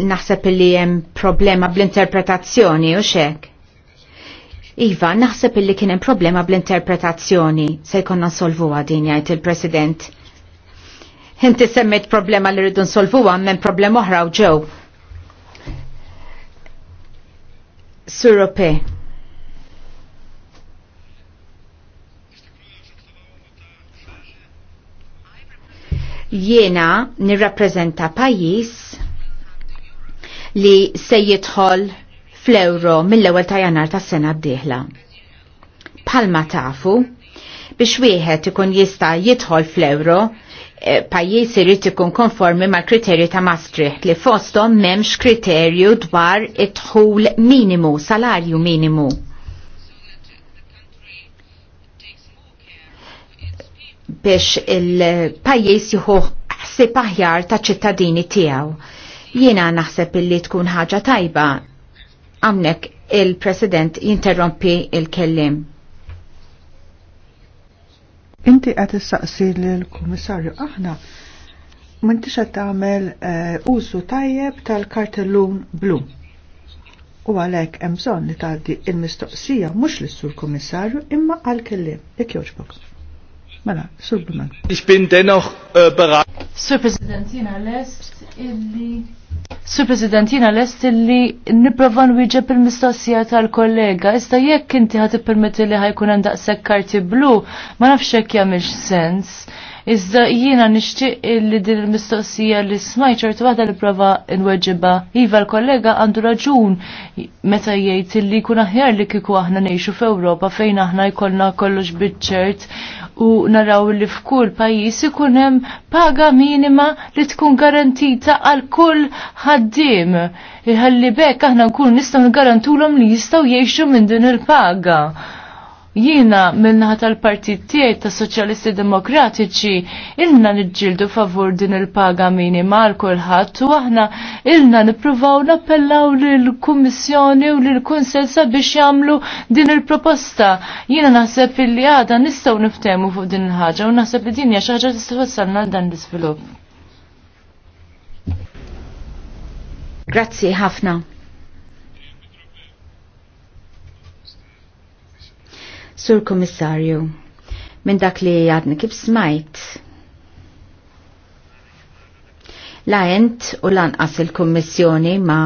S3: naħseb li hemm problema bl-interpretazzjoni u xek. Iva, naħseb li kien hemm problema bl-interpretazzjoni se jkollna nsolvuha din jgħid il-President. Inti semmejt problema li rridu nsolvuha hemm problema oħra u ġew. Surope. Jiena nirrappreżenta pajjiż li se jidħol fl-euro mill-ewwel ta' jannar tas sena d-dieħla. Palma tafu, biex wieħed ikun jista' jidħol fl-euro, eh, pajjiż irid ikun konformi mal kriterji ta' Maastricht li fosthom m'hemmx kriterju dwar it-tħul minimu, salarju minimu. biex il-pajjiż jieħu ħsib aħjar ta' ċittadini tiegħu Jiena naħseb illi tkun ħaġa tajba għamnek il-President jinterrompi il-kellim.
S1: Inti għat saqsi l-Komissarju, aħna m'intix għat tagħmel eh, użu tajjeb tal-kartellun blu. U għalek hemm bżonn li tgħaddi il-mistoqsija mhux lis sur Komissarju imma
S2: għal kelliem jekk jogħġbok.
S1: Mela, Sur Buman.
S3: Ich bin dennoch äh, bereit.
S2: Sur President, jiena lest illi Sur President, jina lest li niprovan nwieġeb il-mistoqsija tal-kollega, iżda jekk inti ħat ippermetti li ħajkun għandaq karti blu, ma nafx hekk jagħmilx sens. Iżda jiena nixtieq li din il-mistoqsija li smajt ċertu waħda li prova nweġiba. Iva l-kollega għandu raġun meta jgħid li jkun aħjar li kieku aħna ngħixu f'Ewropa fejn aħna jkollna kollox biċċert u naraw li f'kull pajjiż ikun hemm paga minima li tkun garantita għal kull ħaddiem. Iħalli bekk aħna nkunu nistgħu ngarantulhom li jistgħu jgħixu minn din il-paga. Jiena minnaħat tal-partit tiegħi ta' Soċjalisti Demokratiċi ilna niġġieldu favur din il-paga minima għal kulħadd u aħna ilna nippruvaw nappellaw lill-Kummissjoni u lill kunsel sabiex jagħmlu din il-proposta. Jiena naħseb illi għada nistgħu niftehmu fuq din il-ħaġa u naħseb li din hija xi ħaġa tista' twassalna għal dan l-iżvilupp.
S3: Grazzi ħafna. Sur Kommissarju, minn dak li għadni kif smajt, la u lanqas il-Kommissjoni ma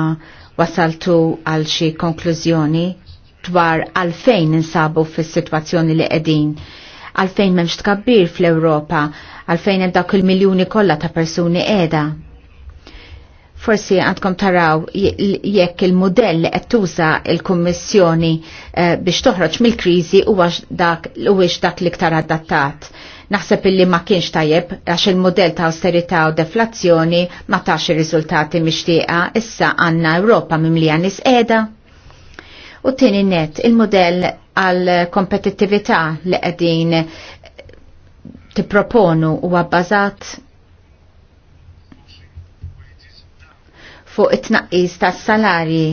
S3: wasaltu għal xi konklużjoni dwar għalfejn insabu fis situazzjoni li qegħdin għalfejn memx tkabbir fl-Europa, għalfejn hemm dawk il-miljuni kollha ta' persuni qiegħda Forsi għandkom taraw jekk il-modell li qed tuża l-Kummissjoni eh, biex toħroġ mill-kriżi huwa dak l-iktar adattat. Naħseb illi ma kienx tajjeb għax il-modell ta' austerità u deflazzjoni ma tax ir-riżultati mixtieqa issa għandna Ewropa mimlija nis qiegħda. U tieni net il-modell għal kompetittività li qegħdin tipproponu huwa bbażat fuq it-tnaqqis tas-salarji.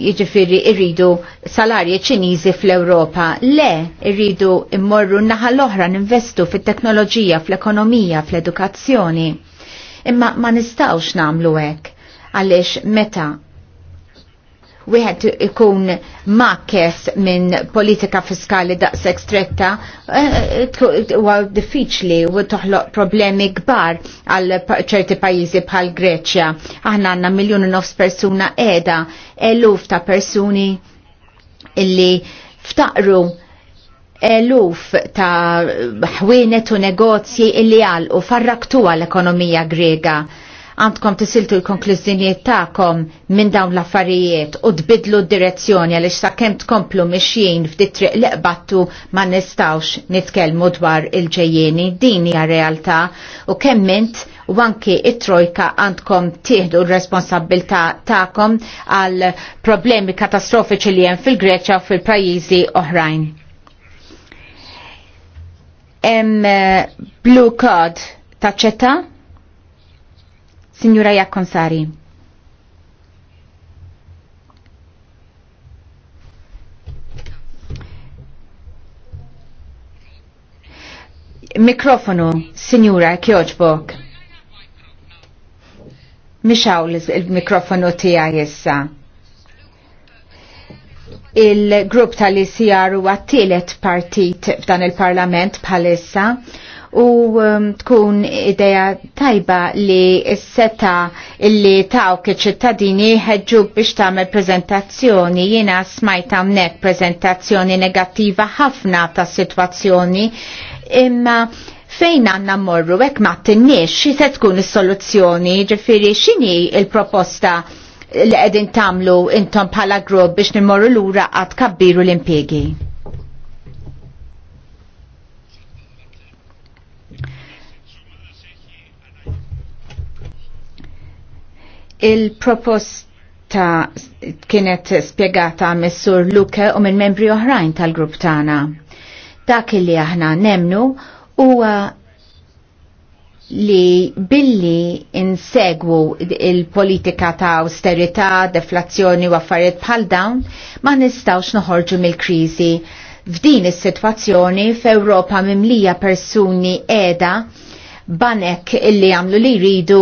S3: Jiġifieri irridu salarji ċiniżi fl-Ewropa. Le, irridu immorru naħa l-oħra ninvestu fit-teknoloġija, fl-ekonomija, fl-edukazzjoni. Imma ma nistawx namlu hekk għaliex meta wieħed ikun makkes minn politika fiskali daqshekk stretta eh, eh, huwa diffiċli u toħloq problemi kbar għal ċerti pajjiżi bħal Greċja. Aħna għandna miljun u nofs persuna qiegħda, eluf ta' persuni illi ftaqru eluf ta' ħwienet u negozji illi għal u l ekonomija Grega għandkom tisiltu l-konklużjonijiet tagħkom minn dawn l-affarijiet u tbidlu d-direzzjoni għaliex sakemm tkomplu mixjin f'dit triq qbattu ma nistawx nitkellmu dwar il-ġejjeni din hija realtà u kemm int u anki it-trojka għandkom tieħdu r responsabilità tagħkom għal problemi katastrofiċi li hemm fil-Greċja u fil-pajjiżi oħrajn. Hemm eh, blue card taċċetta? Signora Jakonsari. Mikrofonu, Signora Kjoġbok. Mixaw il-mikrofonu tija jessa. Il-grupp tal-ICR huwa għattilet partit f'dan il-parlament bħalissa u um, tkun ideja tajba li s-seta illi tawk iċ-ċittadini ħedġu biex tagħmel prezentazzjoni. Jiena smajt hawnhekk prezentazzjoni negattiva ħafna tas sitwazzjoni imma fejn għanna morru hekk ma tinnix xi se tkun is-soluzzjoni, ġifiri xini il-proposta li qegħdin tagħmlu intom bħala grob biex nimorru lura għad kabbiru l impiegi Il-proposta kienet spiegata mis-sur Luke u minn membri oħrajn tal-grupp tagħna. Dak li aħna nemnu huwa li billi insegwu il-politika ta' austerità, deflazzjoni u affarijiet bħal dawn ma nistawx noħorġu mill-kriżi. F'din is-sitwazzjoni f'Ewropa mimlija persuni qiegħda banek illi jagħmlu li jridu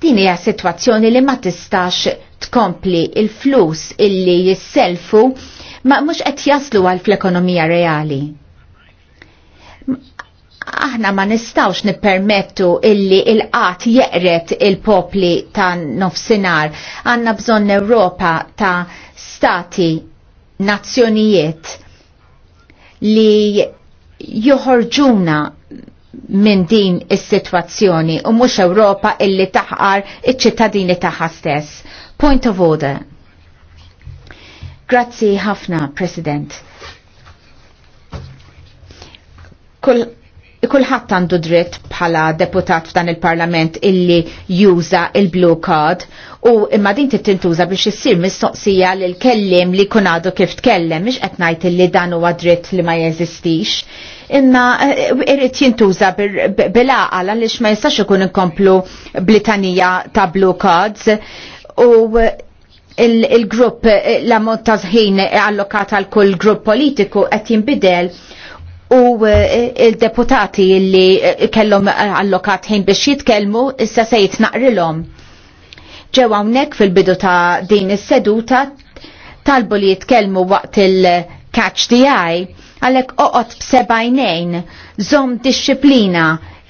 S3: Din hija sitwazzjoni li ma tistax tkompli il-flus illi jisselfu ma mhux qed jaslu għal fl-ekonomija reali aħna ma nistawx nippermettu illi il-qat jeqret il-popli ta' nofsinar. Għanna bżon Ewropa ta' stati, nazzjonijiet li joħorġuna minn din is-sitwazzjoni u mhux Ewropa illi taħqar iċ-ċittadini tagħha stess. Point of order. Grazzi ħafna, President. Kull Kulħadd għandu dritt bħala deputat f'dan il-Parlament illi juża il-Blue Card u imma din tintuża biex issir mistoqsija lil kellim li kun għadu kif tkellem, mhix qed ngħid illi dan huwa dritt li ma jeżistix inna eh, irrit jintuża bil-għala li ma jistax ikun inkomplu blitanija ta' blue cards u eh, il-grupp eh, l-ammont ta' zħin allokat għal kull grupp politiku qed jinbidel u il-deputati li kellhom allokat ħin biex jitkellmu issa se jitnaqrilhom. Ġew hawnhekk fil-bidu ta' din is-seduta talbu li jitkellmu waqt il-catch the eye Għalek oqot b'sebajnejn, zom disċiplina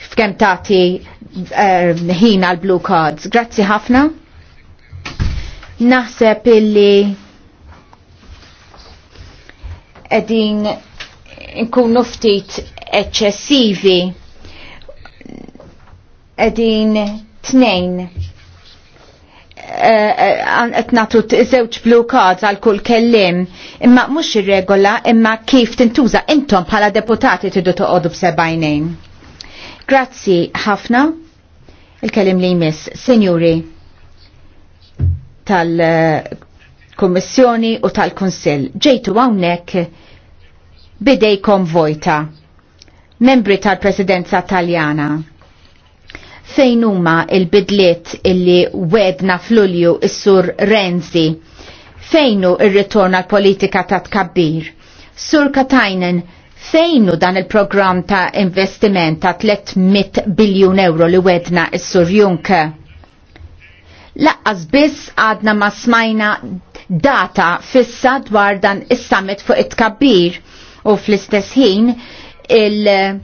S3: f'kem tati eh, ħin uh, għal-Blue Cards. Grazzi ħafna. Naħseb illi edin nkun ftit eċċessivi edin tnejn qed nagħtu żewġ blue cards għal kull kellim. Imma mhux irregola, imma kif tintuża intom bħala deputati tridu toqgħodu b'sebgħinejn. Grazzi ħafna. Il-kellim li jmiss, Senjuri tal-Kommissjoni u tal-Kunsill. Ġejtu hawnhekk bidejkom vojta, membri tal-Presidenza Taljana fejn huma il-bidliet illi wedna f'Lulju is-sur Renzi. Fejnu il ritorn għal politika ta' tkabbir? Sur Katajnen, fejnu dan il-programm ta' investiment ta' 300 biljun euro li wedna is-sur Juncker? Laqqas biss għadna ma smajna data fissa dwar dan is-summit fuq it-kabbir u fl-istess ħin il-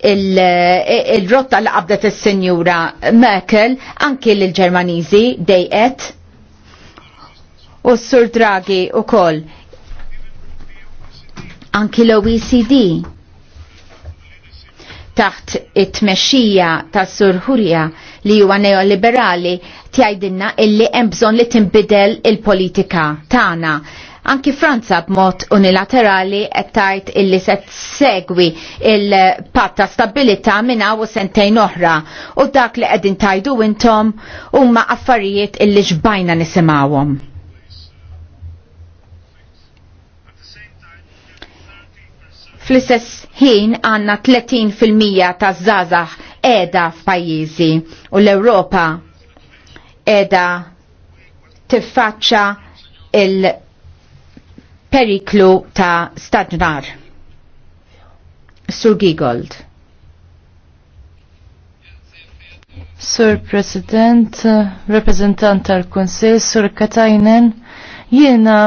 S3: il-rotta il li qabdet is senjura Merkel anki l-Ġermaniżi dejqet u s-Sur Draghi ukoll anki l-OECD taħt it-tmexxija ta' Sur Hurja li huwa neoliberali tgħidilna illi hemm bżonn li tinbidel il-politika tagħna Anki Franza b'mod unilaterali qed tgħid illi se segwi il-patt ta' stabilità minn u sentejn oħra u dak li qegħdin tajdu intom huma affarijiet illi xbajna nisimgħuhom. Fl-istess ħin għandna 30% ta' żgħażagħ qiegħda f'pajjiżi u l-Ewropa edha tiffaċċa il- periklu ta' Stadnar. Sur Gigold.
S2: Sur President, Representant tal-Konsil, Sur Katajnen, jiena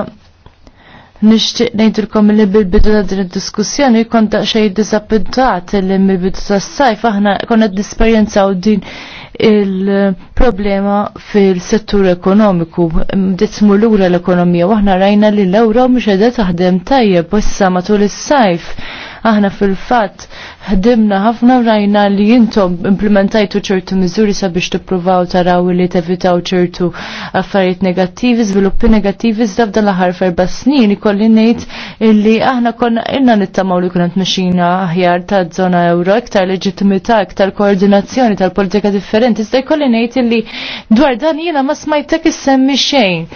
S2: nishtiq nejdilkom li bil-bidu ta' din id-diskussjoni kont daqsxejn disappuntat li mill-bidu s sajf aħna konna u din il-problema fil-settur ekonomiku. Ditmur lura l-ekonomija, waħna rajna li l-ewro mux edha taħdem tajjeb, issa matul is-sajf Aħna fil-fatt ħdimna ħafna rajna li jintom implementajtu ċertu miżuri sabiex tippruvaw taraw li tevitaw ċertu affarijiet negattivi, żviluppi negattivi iżda f'dan l-aħħar ferba snin ikolli ngħid illi aħna konna inna nittamaw li kunet mexina aħjar ta' żona euro, iktar leġittimità, iktar koordinazzjoni tal-politika differenti, iżda jkolli ngħid illi dwar dan jiena ma smajtek issemmi xejn.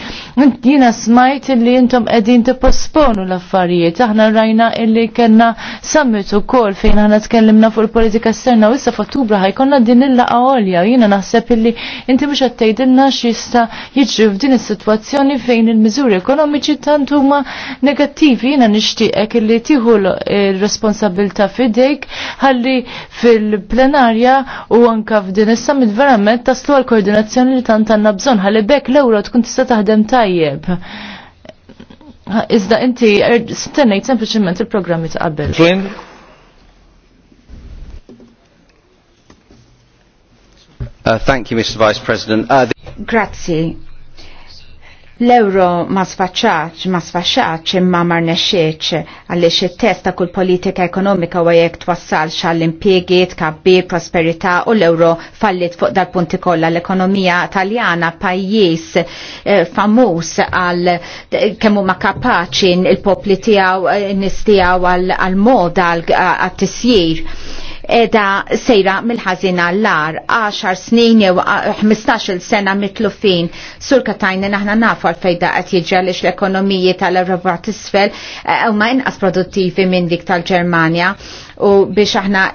S2: Jiena smajt illi intom qegħdin tipposponu l-affarijiet, aħna rajna illi kellna summit ukoll fejn aħna tkellimna fuq il-politika esterna u issa f'Ottubru ħajkonna din il-laqa għolja jiena naħseb illi inti mhux qed tgħidilna jġri jiġri f'din is-sitwazzjoni fejn il-miżuri ekonomiċi tant huma negattivi jiena nixtieqek illi tieħu l-responsabilità f'idejk ħalli fil-plenarja u anka f'din is-summit verament taslu għal koordinazzjoni li tant għandna bżonn ħalli bekk l euro tkun tista' taħdem tajjeb. Iżda inti er, stennejt sempliċement
S3: il-programmi ta' qabel. Uh, thank you, Mr. Vice President. Uh, Grazie. L-euro ma sfaċċaċ, ma sfaċċaċ imma mar nexxieċ għaliex it-test ta' kull politika ekonomika u jekk twassal għall-impjegi, tkabbir, prosperità u l-euro fallit fuq dal-punti kollha l-ekonomija taljana pajjiż famus eh, famuż għal kemm huma kapaċi il-popli tiegħu nistiegħu għal moda għal tisjir edha sejra mill-ħazina l-lar 10 snin jew 15 sena mitlu fin sur katajna naħna nafu għal-fejda għat jġalix l-ekonomiji tal-Europa t-isfel eh, u ma inqas produttivi minn dik tal-Germania u biex aħna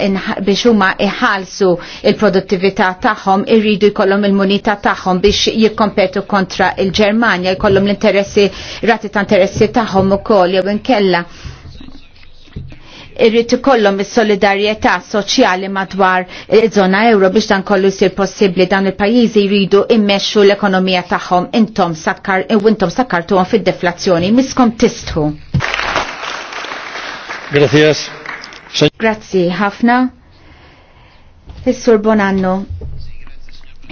S3: biex huma iħalsu il-produttività tagħhom irridu jkollhom il-munita tagħhom biex jikkompetu kontra il-Ġermanja jkollhom l-interessi rati ta' interessi tagħhom ukoll jew inkella irrid ikollhom is-solidarjetà soċjali madwar iż-żona euro biex dan kollu jsir possibbli dan il-pajjiżi jridu immexxu l-ekonomija tagħhom intom sakkar eh, intom sakkartuhom fid-deflazzjoni miskom tistħu. Grazzi ħafna. Fissur Bonanno.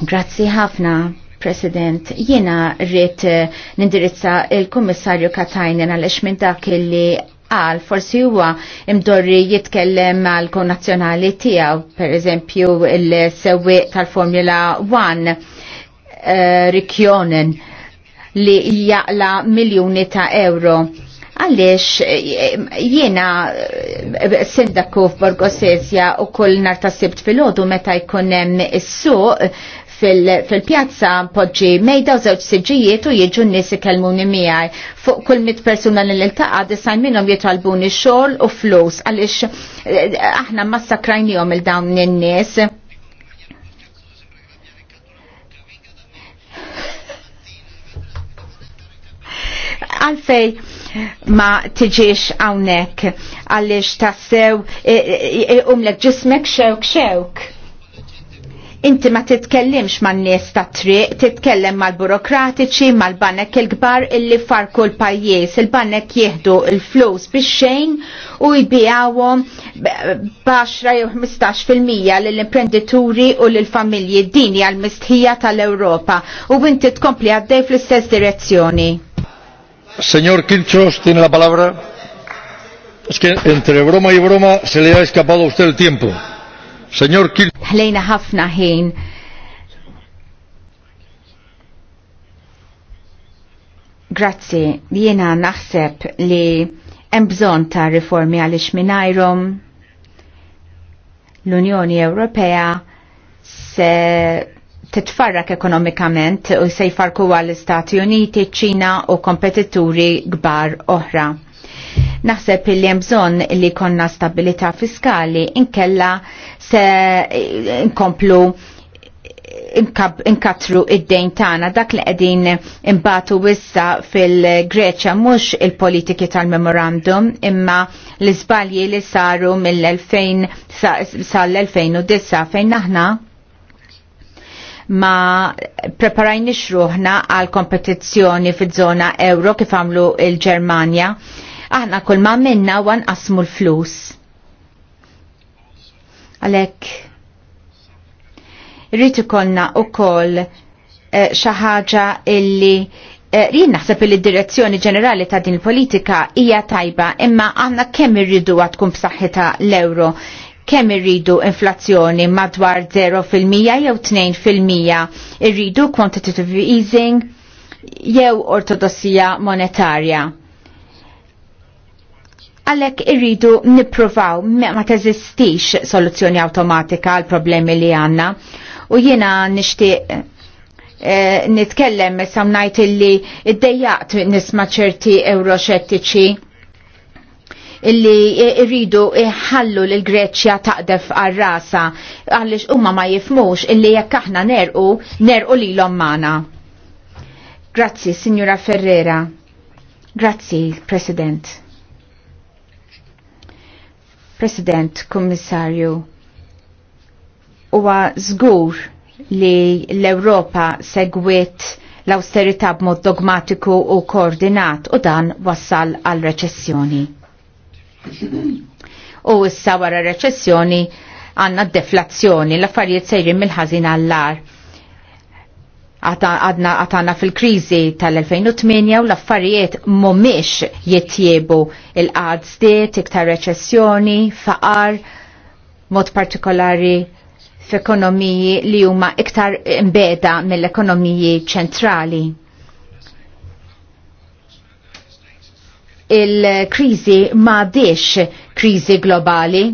S3: Grazzi ħafna. President, jiena rrit eh, nindirizza il-Kommissarju Katajnen għal minn dak li għal forsi huwa imdorri jitkellem għal konnazzjonali tiegħu, per eżempju il sewwi tal-Formula 1 eh, Rikjonen li jaqla miljoni ta' euro għalix eh, jiena eh, sindaku f'Borgosesja u kull nartasibt fil-ħodu meta jkun hemm is-suq fil-pjazza poġġi mejda u żewġ siġijiet u jiġu n-nies miħaj. Fuq kull mit persuna l iltaqa disajn minnhom jitalbuni xogħol u flus għaliex eh, aħna massakrajnihom il dawn in-nies. Għalfej, ma tiġiex għawnek għalix tassew eh, eh, umlek ġismek xewk xewk. Inti ma titkellimx man nies ta' triq, titkellem mal-burokratiċi, mal-banek il-kbar illi farku l-pajjiż. Il-banek jieħdu l-flus biex xejn u jbijawhom b'10 jew 15% lill imprendituri u lill-familji dini għal-mistħija tal-Ewropa u inti tkompli għaddej fl-istess direzzjoni.
S1: Senjor Kilċos tiene la palabra. Es que entre broma y broma se le ha escapado a usted el tiempo. Senjor Kil.
S3: Ħlejna ħafna ħin. Grazzi, jiena naħseb li hemm bżonn ta' riformi għaliex mingħajrhom l-Unjoni Ewropea se titfarrak ekonomikament u se jfarku għall istati Uniti, ċina u kompetituri kbar oħra. Naħseb li hemm bżonn li konna stabilità fiskali inkella se nkomplu inkatru id-dejn tagħna dak li qegħdin imbatu wissa fil-Greċja mhux il-politiki tal-memorandum imma l-iżbalji li saru mill-2000 sal-2009 fejn aħna ma preparajni xruħna għal kompetizzjoni fil-żona euro kif għamlu il-Germania aħna kull ma minna wan qasmu l-flus. Għalek, rritu konna u koll eh, xaħġa illi eh, jien naħseb li d-direzzjoni ġenerali ta' din il-politika hija tajba imma għanna kemm irridu għatkun b'saħħita l-euro kemm irridu inflazzjoni madwar 0% jew 2% irridu quantitative easing jew ortodossija monetarja. Għalek irridu niprofaw ma teżistix soluzzjoni automatika għal problemi li għanna. U jiena nishti eh, nitkellem samnajt illi id nisma ċerti euroxettiċi illi irridu iħallu l-Greċja taqdef għal-rasa għallix umma ma jifmux illi jekk aħna nerqu, nerqu li l-ommana. Grazzi, Signora Ferrera. Grazzi, President. President, Kommissarju, huwa żgur li l-Ewropa segwit l-austerità b'mod dogmatiku u koordinat u dan wassal għal reċessjoni. U issa wara reċessjoni għanna deflazzjoni, l-affarijiet sejrin mill-ħażin għall-ar għadna għatana fil-krizi tal-2008 u l-affarijiet momiex jittiebu il-qad zdiet, iktar reċessjoni, faqar, mod partikolari f'ekonomiji li huma iktar imbeda mill-ekonomiji ċentrali. Il-krizi ma diex krizi globali,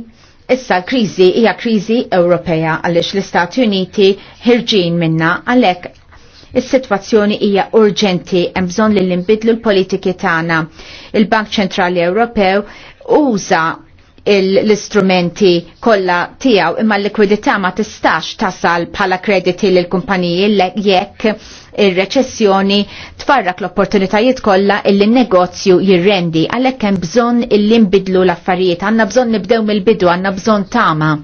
S3: Issa kriżi hija kriżi Ewropea għaliex l-Istati Uniti ħirġin minna għalhekk Is-sitwazzjoni hija urġenti hemm bżonn li nbidlu l-politiki tagħna. Il-Bank Ċentrali Ewropew uża l-istrumenti kollha tiegħu imma l-likwidità ma tistax tasal bħala krediti lil kumpaniji jekk ir-reċessjoni tfarrak l-opportunitajiet kollha illi n-negozju jirrendi għalhekk hemm bżonn illi nbidlu l-affarijiet, għandna bżonn nibdew mill-bidu, għandna bżonn tama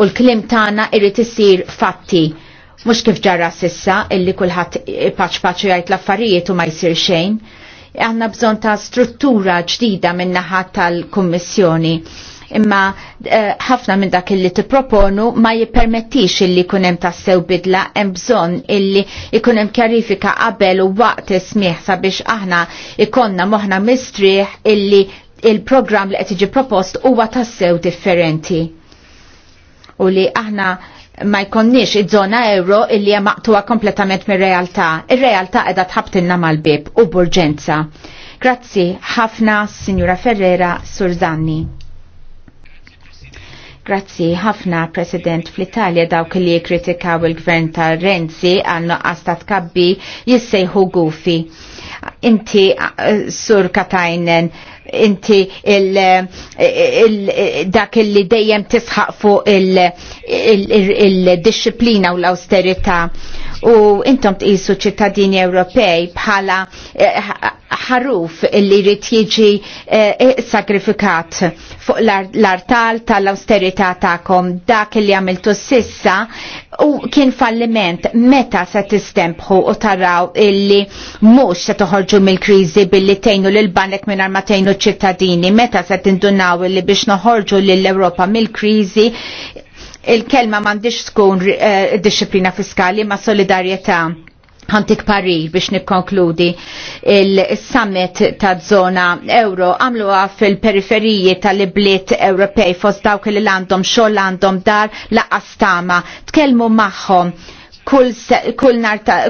S3: u l-klim tagħna irid isir fatti Mux kif ġarra sissa illi kullħat paċ paċu jgħajt l-affarijiet u ma jisir xejn. Għanna bżon ta' struttura ġdida minnaħat tal-Kommissjoni imma eh, ħafna minn dak illi tipproponu ma jippermettix illi kunem tassew bidla hemm bżonn illi ikunem kjarifika qabel u waqt smieħ sabiex aħna ikonna moħna mistrieħ illi il-programm li qed jiġi propost huwa tassew differenti. U li aħna ma jkonniex id żona euro illi hija maqtuha kompletament mir-realtà. Ir-realtà qiegħda tħabtilna mal-bib u burġenza. Grazzi ħafna, Sinjura Ferrera, Surzanni. Grazzi ħafna President fl-Italja dawk li kritikaw il-gvern ta' Renzi għal noqqas ta' tkabbi jissejħu gufi. Inti sur Katajnen, inti dak li dejjem tisħaq fuq il-disciplina u l-austerita u intom tqisu ċittadini Ewropej bħala eh, ħaruf li rrit jiġi eh, eh sakrifikat fuq l-artal tal-austerità tagħkom dak li għamiltu sissa u kien falliment meta se tistempħu u taraw illi mhux se toħorġu mill-kriżi billi tgħinu lil banek mingħajr ma tejnu ċittadini meta se tindunaw illi biex noħorġu lill-Ewropa mill-kriżi il-kelma m'għandix tkun eh, disciplina fiskali ma' solidarjetà ħantik parir biex nikkonkludi il-summit ta' zona euro għamluwa fil-periferiji tal-ibliet Ewropej fost dawk li għandhom xogħol għandhom dar laqastama. Tkellmu magħhom kull, kull,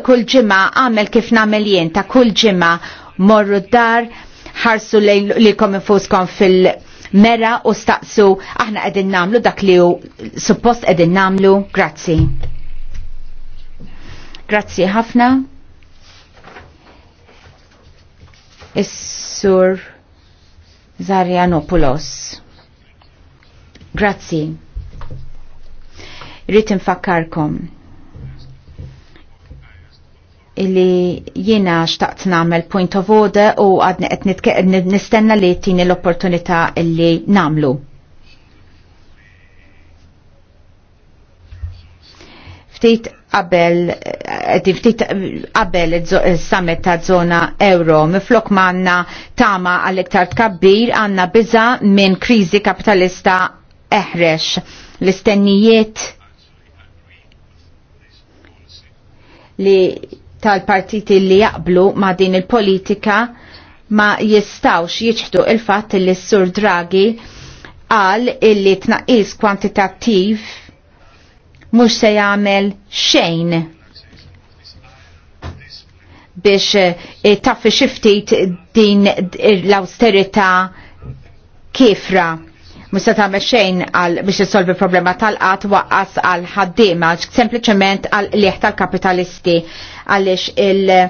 S3: kull ġimma għamel kif namel jien ta' kull ġimma morru dar ħarsu li kom infuskom fil-mera u staqsu aħna qegħdin namlu dak li suppost qegħdin namlu. Grazzi. Grazzi ħafna. Is-sur Zarjanopoulos. Grazzi. Rrit infakkarkom illi jiena xtaqt namel point of order u għadni nistenna li tini l-opportunità illi namlu. Ftit qabel tiftit eh, eh, qabel eh, summit ta' zona euro miflok manna tama għall-iktar tkabbir għanna biża' minn kriżi kapitalista eħrex l-istennijiet li tal-partiti li jaqblu ma' din il-politika ma jistawx jiġħdu il-fatt li s-sur Draghi għal illi tnaqis kwantitattiv mhux se jagħmel xejn biex eh, taffi xiftit din l-austerita kifra. Musa tagħmel xejn għal biex isolvi problema tal qat waqqas għal ħaddiema, sempliċement għal lieħ tal-kapitalisti għaliex il- eh,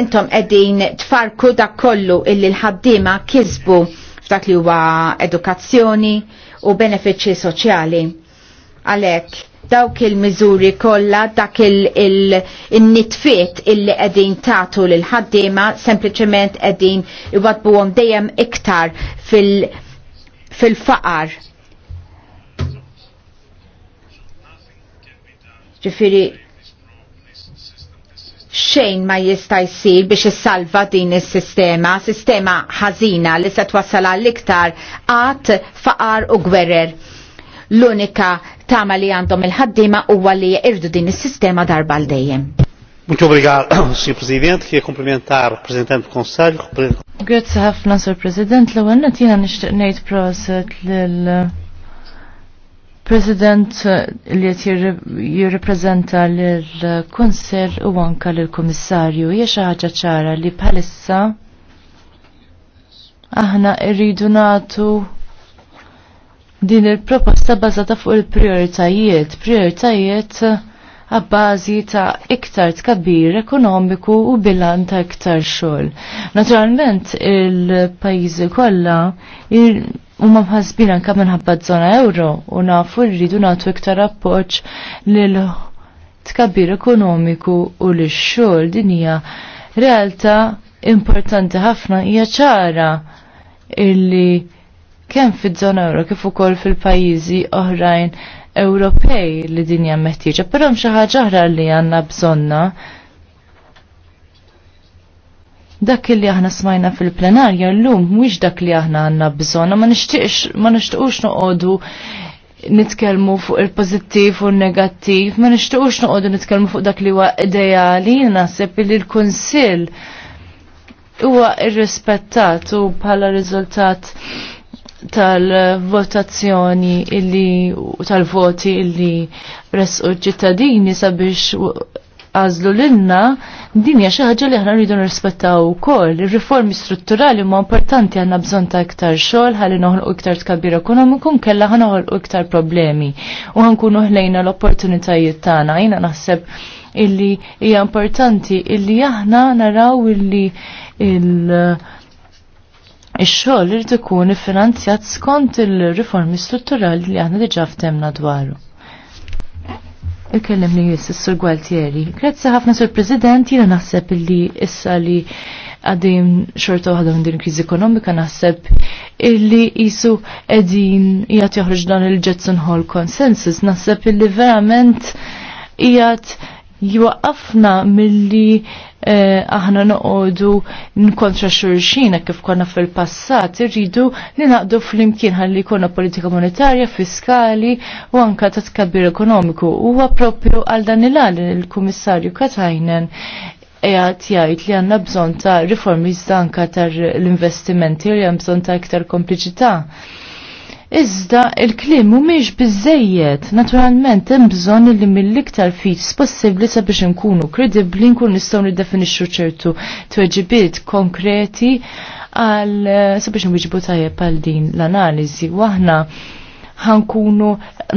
S3: intom qegħdin tfarku da kollu illi l-ħaddiema kizbu f'dak li huwa edukazzjoni u benefiċċji soċjali. Għalhekk dawk il-miżuri kollha dak il-nitfiet illi qegħdin tagħtu lil ħaddiema sempliċement qegħdin iwadbuhom dejjem iktar fil-faqar. Ġifieri xejn ma jista' jsir biex issalva din is-sistema, sistema ħażina li se twassal għall-iktar għat faqar u gwerer. L-unika tama li għandhom il-ħaddima u li irdu din is-sistema darba l dejjem.
S2: Muito obrigado, Sr. Presidente. Queria cumprimentar o Presidente Grazie
S3: ħafna, Sr. President. L-ewwel qed jiena nixtieq
S2: ngħid proset lil President li qed jirrepreżenta lil Kunsell u anke lil Kummissarju. Jiexa xi ħaġa ċara li bħalissa aħna irridu nagħtu din il-proposta bazata fuq il-prioritajiet, prioritajiet għabbażi ta' iktar tkabbir ekonomiku u bilan ta' iktar xogħol. Naturalment il-pajjiżi kollha huma mħassbin anka minħabba żona euro u nafu rridu nagħtu iktar appoġġ lil tkabbir ekonomiku u lix xogħol din hija realtà importanti ħafna hija ċara illi kemm fiż-żona euro kif ukoll fil-pajjiżi oħrajn Ewropej li din hija meħtieġa, però xi ħaġa oħra li għandna bżonna. Dak li aħna smajna fil-plenarja llum mhuwiex dak li aħna għandna bżonna, ma nixtieqx ma nixtiequx noqogħdu nitkellmu fuq il-pozittiv u n-negattiv, ma nixtiequx noqogħdu nitkellmu fuq dak li huwa ideali, naħseb li l-Kunsill huwa irrispettat u bħala riżultat tal-votazzjoni illi tal-voti illi resqu ċittadini sabiex għazlu l-inna dinja xaħġa li ħna rridu nirrispettaw ukoll. Ir-riformi strutturali ma importanti għandna bżonn ta' iktar xogħol ħalli noħolqu iktar tkabbir ekonomiku nkella ħa noħolqu iktar problemi u ħankunu ħlejna l-opportunitajiet tagħna. jina naħseb illi hija importanti illi aħna naraw illi il- Ix-xogħol irid ikun iffinanzjat skont il-riformi strutturali li aħna diġà ftemna dwaru. Ikellem li jis sur Gualtieri. Grazzi ħafna sur President, jiena naħseb li issa li għadim xorta waħda minn din kriżi ekonomika naħseb illi jisu edin jgħat joħroġ dan il-Jetson Hall Consensus. Naħseb illi verament jgħat jwaqqafna milli eh, aħna noqogħdu nkontra xurxina kif konna fil-passat, irridu li naqdu fl-imkien ħalli jkollna politika monetarja, fiskali u anka ta' tkabbir ekonomiku. Huwa proprju għal dan il il-Kummissarju Katajnen jgħat jgħajt li għanna bżon ta' riformi zdanka ta' l-investimenti li għanna bżon ta' iktar kompliċità Iżda il-klim mhumiex biżejjed, naturalment hemm bżonn li mill-iktar fis possibbli sabiex inkunu kredibbli nkun nistgħu niddefinixxu ċertu tweġibiet konkreti għal sabiex nwiġbu tajjeb għal din l-analiżi waħna ħankunu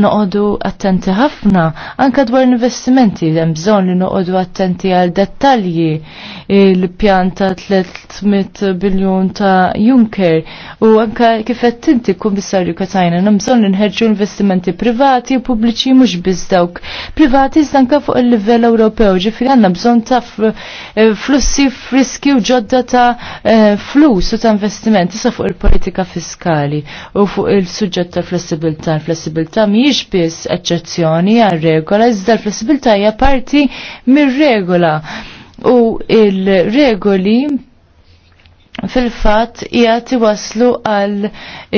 S2: noqodu attenti ħafna anka dwar investimenti hemm bżonn li noqodu attenti għal dettalji il-pjan ta' 300 biljun ta' Juncker u anka kif qed tinti kummissarju Katajna hemm bżonn nħerġu investimenti privati u pubbliċi mhux biss dawk privati iżda anke fuq il-livell Ewropew ġifieri għandna bżonn ta' eh, flussi friski u ġodda ta' eh, flus u ta' investimenti sa fuq il-politika fiskali u fuq il-suġġett ta' flessibilità flessibilità. L-flessibilità mhijiex biss eċċezzjoni għal regola, iżda l-flessibilità hija parti mir-regola. U il-regoli fil-fat jgħat waslu għal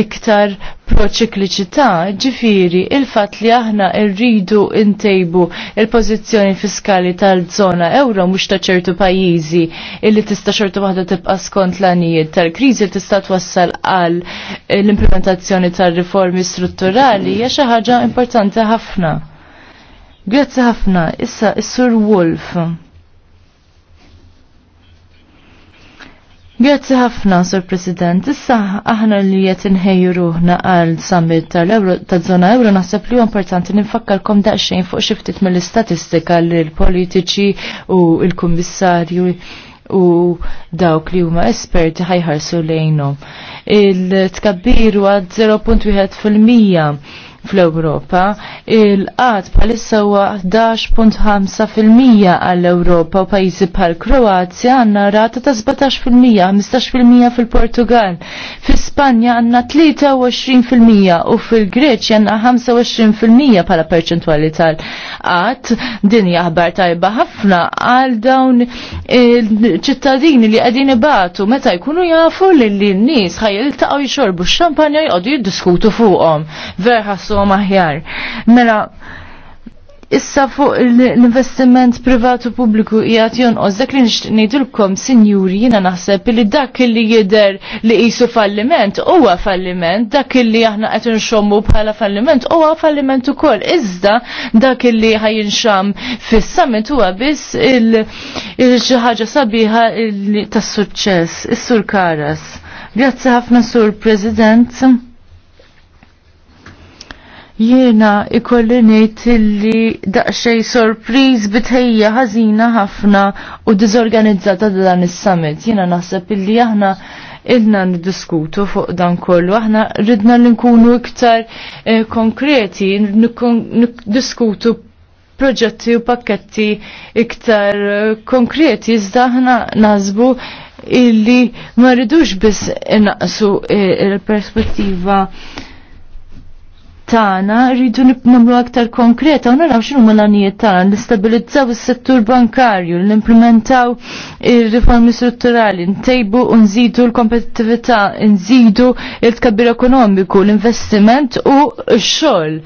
S2: iktar proċikliċità, ġifiri il-fat li aħna irridu intejbu il-pozizjoni fiskali tal-zona euro mux ta' ċertu pajizi illi tista' ċertu waħda tibqa' skont l-anijiet tal-kriżi tista' twassal għal l-implementazzjoni tal-riformi strutturali hija xi ħaġa importanti ħafna. Grazzi ħafna, issa is-Sur Wolf. Grazzi ħafna, Sur President. Issa aħna li qed inħejju ruħna għal summit tal-żona euro naħseb li huwa importanti nifakkarkom daqsxejn fuq xi ftit mill-istatistika li l-politiċi u l-kummissarju u dawk li huma esperti ħajħarsu lejnhom. il tkabbir għad 0.1 fil-mija fl-Ewropa. Il-qat bħalissa huwa 11.5% għall-Ewropa u pajjiżi bħal Kroazja għandna rata ta' 17%, 15% fil-Portugal. fl Spanja għandna 23% u fil-Greċja għandna 25% bħala perċentwali tal-qat. Din jaħbar tajba ħafna għal dawn ċittadini li qegħdin ibatu meta jkunu jafu li n-nies ħajjiltaqgħu jxorbu x-xampanja jqogħdu jiddiskutu fuqhom. Verħassu nħarsuhom aħjar. Mela, issa fuq l-investiment privatu pubbliku jgħat jon dak li nixtieq ngħidulkom sinjuri jiena naħseb li dak li jidher li qisu falliment huwa falliment, dak li aħna qed inxommu bħala falliment huwa falliment ukoll. Iżda dak li ħajinxam fis-summit huwa biss il-xi ħaġa sabiħa tas-suċċess, is-Sur Karas. Grazzi ħafna Sur President. Jiena ikolli ngħid illi daqsxejn sorpriz bitħejja ħażina ħafna u diżorganizzata dan is-summit. Jiena naħseb illi aħna ilna niddiskutu fuq dan kollu, aħna ridna nkunu iktar eh, konkreti, niddiskutu proġetti u pakketti iktar eh, konkreti, iżda aħna nazbu illi ma rridux biss naqsu eh, il-perspettiva eh, Tana rridu nagħmlu aktar konkreta u naraw x'inhu l-għanijiet tagħna nistabilizzaw is-settur bankarju, nimplementaw il riformi strutturali, ntejbu u nżidu l-kompetittività, nżidu il-tkabbir ekonomiku, l-investiment u x-xogħol.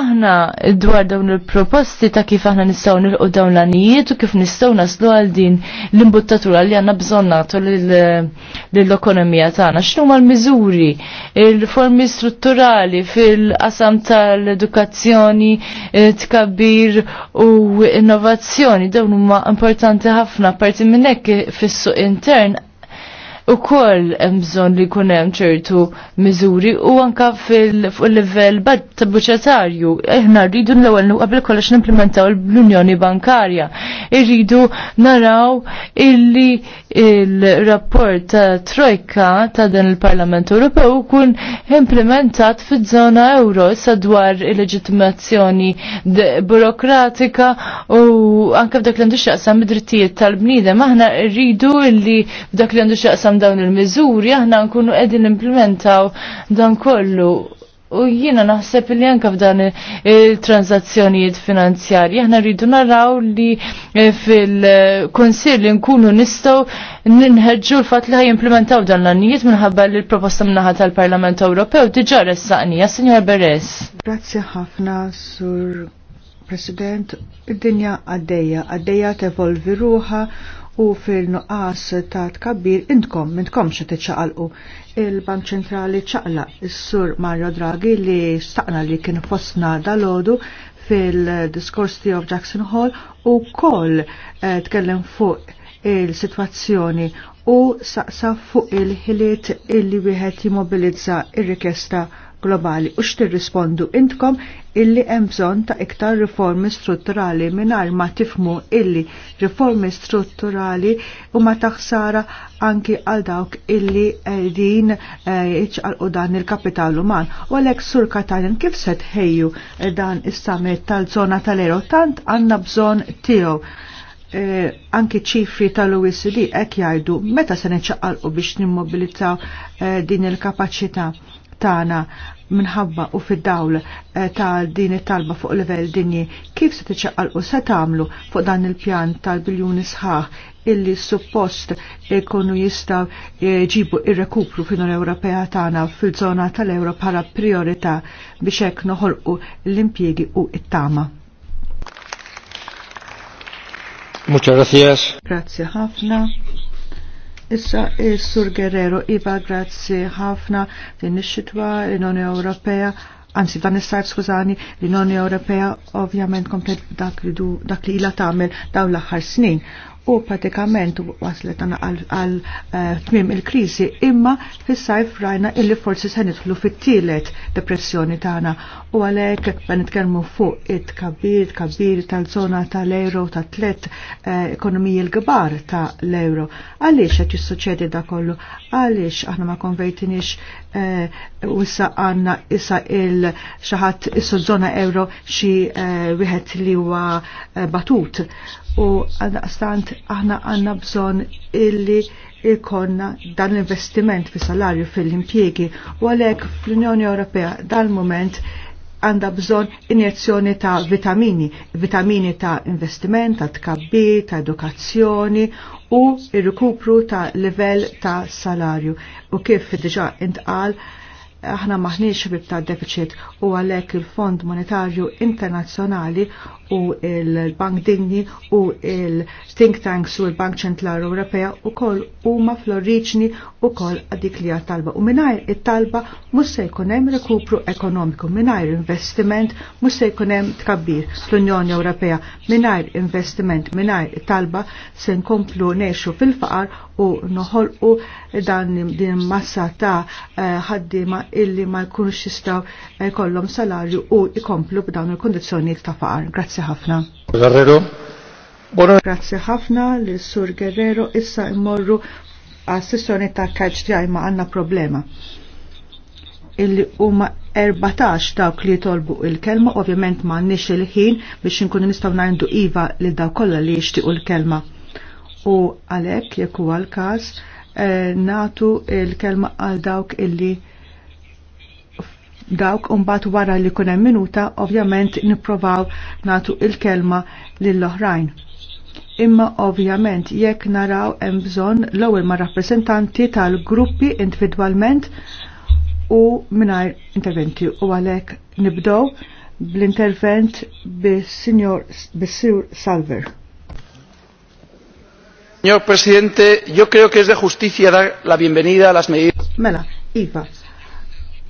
S2: aħna dwar dawn il-proposti ta' kif aħna nistgħu nilqu dawn l-għanijiet u kif nistgħu naslu għal din l-imbuttatura li għandna bżonn nagħtu lill-ekonomija tagħna. xinu l-miżuri, il-riformi strutturali, fil-qasam tal-edukazzjoni, eh, tkabbir u innovazzjoni dawn huma importanti ħafna parti minn hekk fis-suq intern u hemm bżonn li jkun hemm ċertu miżuri u anka fil level ta' tabuċetarju Aħna rridu l-ewwel qabel kollox nimplementaw l-Unjoni Bankarja. Irridu naraw illi il-rapport ta' Trojka ta' dan il-Parlament Ewropew kun implementat fil-żona euro sadwar il-leġitimazzjoni burokratika u anka f'dak li għandu xaqsam id-drittijiet tal-bniedem. Aħna rridu illi f'dak li għandu xaqsam fiħdan dawn il-miżuri aħna nkunu qegħdin implementaw dan kollu U jiena naħseb li anka f'dan il-transazzjonijiet finanzjarji aħna rridu naraw li fil-Konsill nkunu nistgħu ninħeġġu l-fatt li ħajimplementaw dan l-annijiet minħabba li l-proposta minnaħa tal-Parlament Ewropew diġà ressaqnija, Sinjor Beres.
S1: Grazzi ħafna sur President, id-dinja għaddeja, għaddeja tevolvi ruħa u fil-nuqqas ta' tkabbir intkom, intkom xe tiċċaqalqu. Il-Bank Ċentrali ċaqla s-sur Mario Draghi li staqna li kien fosna dal-ħodu fil-diskors of Jackson Hall u koll eh, tkellem fuq il-situazzjoni u saqsa fuq il-ħiliet illi wieħed jimmobilizza il rikesta il globali u x'tirrispondu intkom illi hemm bżonn ta' iktar riformi strutturali mingħajr ma tifmu illi riformi strutturali huma taħsara anki għal dawk illi din eh, iċqalqu dan il-kapital uman. U għalhekk sur Katajn kif se tħejju eh, dan is-summit tal-żona tal-ero tant għandna bżonn tiegħu. Eh, anki ċifri tal-OECD ek jajdu meta se neċaqalqu biex nimmobilizzaw eh, din il-kapacità tana minħabba u fid-dawl eh, ta' din it-talba fuq livell dinji, kif se tiċċaqal u se tagħmlu fuq dan il-pjan tal-biljuni sħaħ illi suppost ikunu jista eh, ġibu ir-rekupru fin l Ewropea tagħna fil-żona tal-Ewro bħala priorità biex hekk noħolqu l-impjiegi u it-tama.
S2: Muchas gracias.
S1: Grazie ħafna. Issa il-Sur eh, Guerrero, Iva, grazzi ħafna din ix-xitwa l-Unjoni Ewropea, anzi dan is-sajt skużani, l-Unjoni Ewropea ovvjament komplet dak li dak li ilha tagħmel dawn l-aħħar snin u pratikament waslet għal eh, tmim il-krizi imma fis-sajf rajna illi forsi se nidħlu fit-tielet depressjoni tagħna u għalhekk ma nitkellmu fuq it-kabir kabir kabir tal zona tal-euro ta' tlet eh, ekonomiji l-kbar tal euro Għaliex qed jissuċċedi da kollu? Għaliex aħna ma konvejtinix Eh, u issa għanna issa il-xaħat issa zona euro xi eh, wieħed li huwa eh, batut u għastant aħna għanna bżon illi ikonna dan l-investiment fi salarju fil-impjegi u għalek fl-Unjoni Ewropea dal-moment għanda bżon injezzjoni ta' vitamini, vitamini ta' investiment, ta' tkabbi, ta' edukazzjoni u il-rikupru ta' livell ta' salarju. U kif diġa intqal, aħna maħniex ħbib ta' deficit u għalhekk il-Fond Monetarju Internazzjonali u il-Bank Dinni u il-Think Tanks u il-Bank Ċentrali Ewropea u koll huma fl-oriġni u koll dik li talba u mingħajr it-talba mhux se jkun hemm rekupru ekonomiku, mingħajr investiment mhux se jkun hemm tkabbir fl-Unjoni Ewropea, mingħajr investiment, mingħajr il talba se nkomplu nexu fil-faqar u noħolqu dan din massa ta' eh, ħaddiema illi ma jkunux jistgħu jkollhom eh, salarju u jkomplu b'dawn il kondizjoni ta' faqar. Grazzi ħafna. Guerrero. Grazzi ħafna li sur Guerrero issa immorru għas sessjoni ta' kaċ ma għandna problema illi huma 14 dawk li jitolbu il-kelma, ovvjament ma nix il-ħin biex nkunu nistgħu ngħidu iva li daw kollha li jixtiequ l-kelma u għalhekk jekk huwa l-każ eh, natu l-kelma għal dawk illi dawk umbat wara li kuna minuta ovvjament niprovaw natu il-kelma lill-oħrajn. Imma ovvjament jekk naraw hemm bżonn l-ewwel ma' rappreżentanti tal-gruppi individwalment u mingħajr interventi u għalhekk nibdow bl-intervent bis-Sinjor bis Salver. Salver.
S3: Señor Presidente, yo creo que es de justicia dar la bienvenida a las medidas.
S1: Mela, Iva,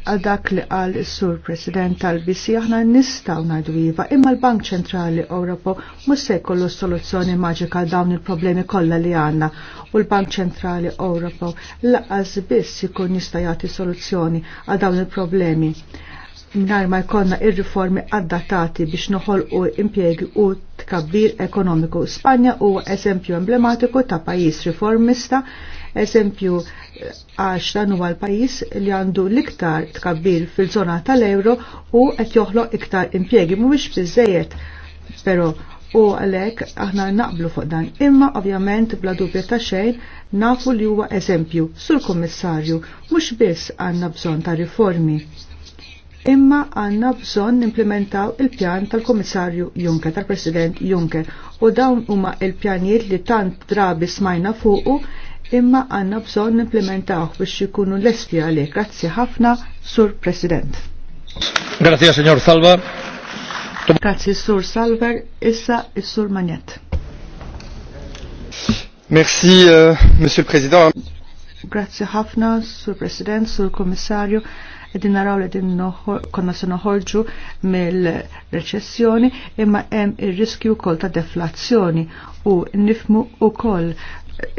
S1: għal dak li għal sur President tal-Bisi aħna nistaw najdu iva imma l-Bank Ċentrali Ewropo mhux se jkollu soluzzjoni maġika dawn il-problemi kollha li għandna u l-Bank Ċentrali Ewropo laqas biss ikun jista' jagħti soluzzjoni għal dawn il-problemi minnar ma jkollna ir-riformi adattati biex u impiegi u tkabbir ekonomiku. Spanja huwa eżempju emblematiku ta' pajjiż riformista, eżempju eh, għax dan huwa l-pajjiż li għandu l-iktar tkabbir fil-żona tal-euro u qed joħloq iktar impjegi mhuwiex biżejjed, però u għalhekk aħna naqblu fuq dan. Imma ovvjament bla dubja ta' xejn nafu li huwa eżempju sur kummissarju mhux biss għandna bżonn ta' riformi imma għanna bżon nimplementaw il-pjan tal-Komissarju Juncker, tal-President Juncker, u dawn huma il-pjanijiet li tant drabi smajna fuqu imma għanna bżon implementaw biex jikunu lesti għalih. Grazzi ħafna, Sur President. Grazie, Signor Salva. Grazzi, Sur Salver. Issa, Sur Magnet.
S2: Merci, uh, Monsieur le Président.
S1: Grazzi ħafna, Sur President, Sur Komissarju. Edin naraw li din konna se noħorġu mill-reċessjoni imma hemm ir-riskju wkoll ta' deflazzjoni u nifmu wkoll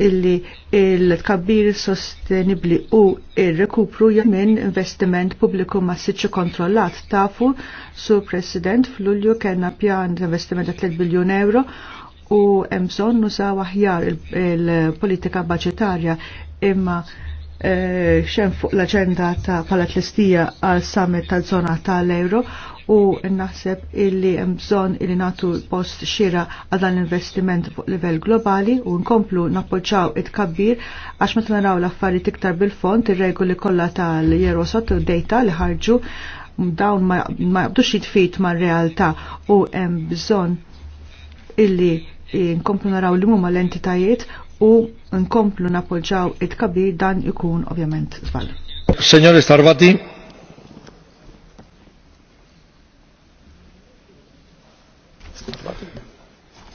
S1: illi il-tkabbir sostenibli u il-rekupru minn investiment pubbliku massiċu kontrollat tafu su President fl-Ulju kena pjan investiment ta' 3 biljon euro u emson nusaw aħjar il-politika il budgetarja imma xen eh, xem fuq l-agenda ta' palatlistija tlistija għal summit ta' zona tal-euro u naħseb illi mżon illi natu post xira għal dan investiment fuq livell globali u nkomplu nappoġġaw it-kabbir għax meta naraw l-affarijiet iktar bil-fond ir-regoli kollha tal-Jerosot u data li ħarġu dawn ma jabdux jitfit ma' realtà u hemm bżonn illi nkomplu naraw li mumma l-entitajiet u nkomplu napoġġaw it-kabi dan ikun ovvjament zbal. Senjori Starvati.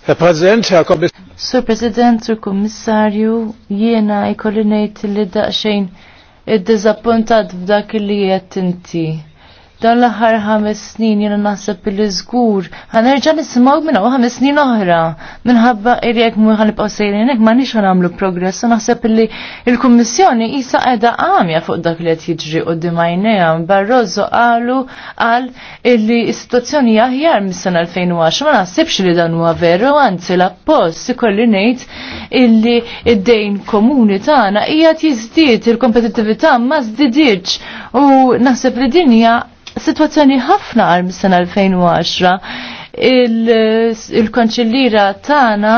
S1: Herr Präsident, Herr Kommissar.
S2: Sir President, Sir Kommissarju, jiena ikollinejt li daqxejn id-dizappuntat f'dak li jettinti. inti dan l-aħħar ħames snin jiena naħseb li żgur ħanerġa' nisimgħu minna u ħames snin oħra minħabba li jekk mhu ħanibqgħu sejrin hekk m'għandniex għamlu progress u naħseb li l-Kummissjoni qisha qiegħda għamja fuq dak li qed jiġri qudiem għajnejha barrozzo qalu qal illi s-sitwazzjoni aħjar mis-sena 2010 ma naħsibx li dan huwa veru anzi l-appost ikolli ngħid illi id-dejn komuni tagħna jgħat jiżdied il-kompetittività ma żdidietx u naħseb li dinja situazzjoni ħafna għal sena 2010 il-konċillira il tagħna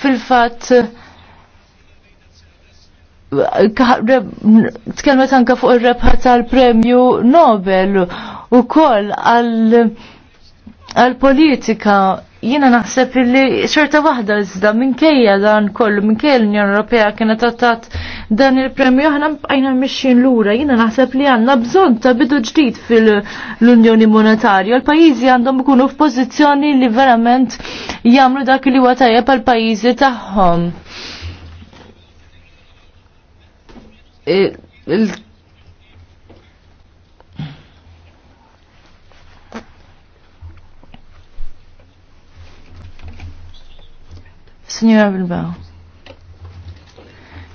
S2: fil-fatt tkellmet anka fuq ir-rebħa tal-Premju Nobel u koll għal politika jiena naħseb li xorta waħda minn kejja dan kollu kejja l-Unjoni Ewropea kienet tattat dan il-premju aħna bqajna mixxin lura jiena naħseb li għandna bżonn ta' bidu ġdid fil-Unjoni Monetarja. L-pajjiżi għandhom ikunu f'pożizzjoni li verament jagħmlu dak li huwa tajjeb għall pajjiżi tagħhom. E, Signora Bilbao.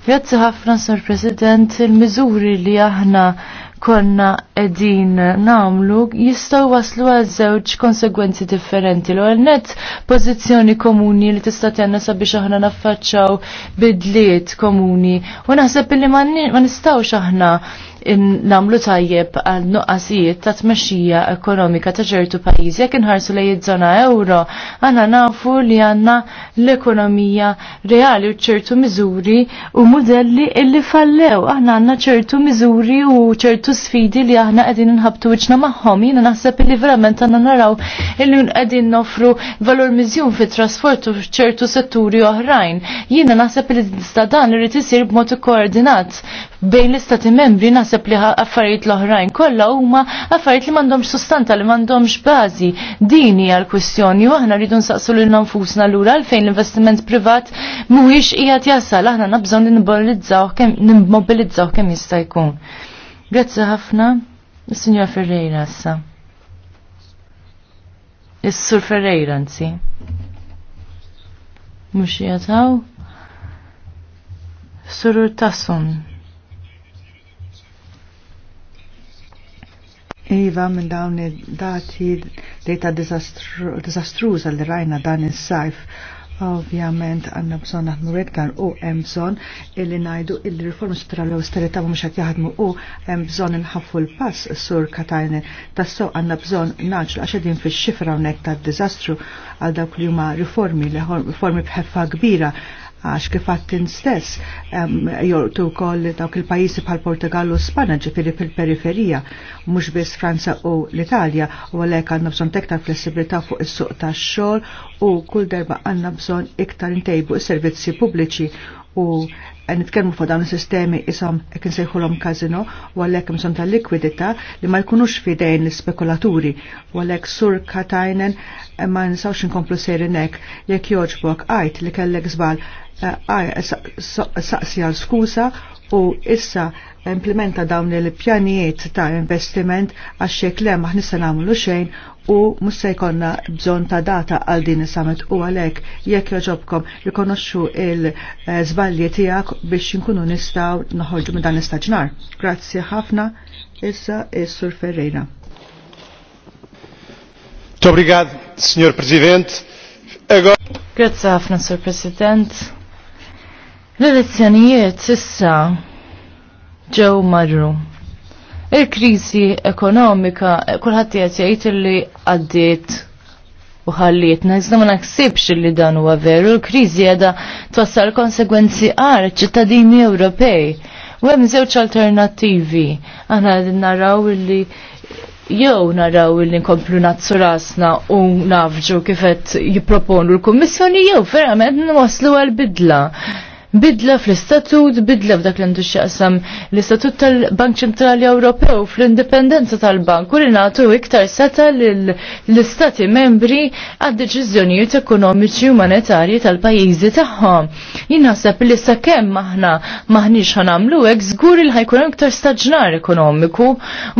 S2: Grazzi ħafna, Sir President, il-miżuri li aħna konna edin namlu jistaw waslu għal żewġ konsegwenzi differenti. l net pozizjoni komuni li tista' tenna sabiex aħna naffaċċaw bidliet komuni. U naħseb li ma nistgħux aħna namlu tajjeb għal nuqqasijiet ta' tmexxija ekonomika ta' ċertu pajjiżi jekk inħarsu lej iż-żona euro, għandna nafu li għandna l-ekonomija reali u ċertu miżuri u modelli illi fallew. Aħna għandna ċertu miżuri u ċertu sfidi li aħna qegħdin inħabtu wiċċna magħhom. Jiena naħseb illi verament għandna naraw illi qegħdin nofru valur miżjun fit-trasport u f'ċertu setturi oħrajn. Jiena naħseb li dan irid isir b'mod ikkoordinat bejn l-istati membri naħseb naħseb li affarijiet l-oħrajn kollha huma affarijiet li m'għandhomx sustanta li m'għandhomx bażi. Din hija l-kwistjoni u aħna rridu nsaqsu lil nfusna lura għalfejn l-investiment privat mhuwiex qiegħed jasal aħna bżonn nimmobilizzaw kemm nimmobilizzaw kemm jista' jkun. Grazzi ħafna, Signor Ferreira issa. Is-Sur Ferreira nsi. Mhux jataw? Surur Tasson.
S1: Iva minn dawn id-dati data disastruża li rajna dan is-sajf Ovvjament għanna bżon naħdmu rektar u hemm bżon illi ngħidu illi riformi strutturali u austerità mhux qed jaħdmu u hemm bżon l-pass sur Katajnen. Tasso għandna bżon naġlu għax qegħdin fix-xifra hawnhekk ta' diżastru għal dawk li huma riformi li riformi bħeffa kbira għax kif għattin stess jortu koll dawk il-pajjiżi bħal Portugal u Spanja ġifieri fil-periferija mhux biss Franza u l-Italja u għalhekk għandna bżonn tektar flessibilità fuq is-suq tax-xogħol u kull darba għandna bżonn iktar intejbu s-servizzi pubbliċi u nitkellmu fuq dawn is-sistemi isom kien sejħulhom kazino u għalhekk imsom tal-likwidità li ma jkunux fidejn l-spekulaturi u għalhekk sur katajnen ma nisawx inkomplu sejrin hekk jekk jogħġbok għajt li kellek żball saqsi għal skusa u issa implementa dawn il-pjanijiet ta' investiment għax xek le nissa namlu xejn u mussa jkonna bżon ta' data għal din is-summit u għalek jekk joġobkom rikonoxxu il-żbalji eh, tiegħek biex inkunu nistgħu noħorġu minn dan istaġnar Grazzi ħafna issa is-Sur Ferreira.
S2: Obrigado, Grazie ħafna, Sir President. L-elezzjonijiet issa ġew marru. Il-krizi ekonomika kulħadd qed jgħid li għaddiet u ħalliet. iżda ma naħsibx li dan huwa veru, l-kriżi qiegħda twassal konsegwenzi għar ċittadini Ewropej. U hemm żewġ alternattivi. Aħna naraw li jew naraw li nkomplu nazzu rasna u nafġu kifet jipproponu l-Kummissjoni jew verament nwaslu għal-bidla bidla fl-istatut, bidla f'dak l-għandu l-istatut tal-Bank Ċentrali Ewropew fl-indipendenza tal-bank u li nagħtu iktar seta l-istati membri għad deċiżjonijiet ekonomiċi u monetarji tal-pajjiżi tagħhom. Jien naħseb li sakemm aħna maħniex ħanamlu hekk żgur il ħajkun iktar staġnar ekonomiku u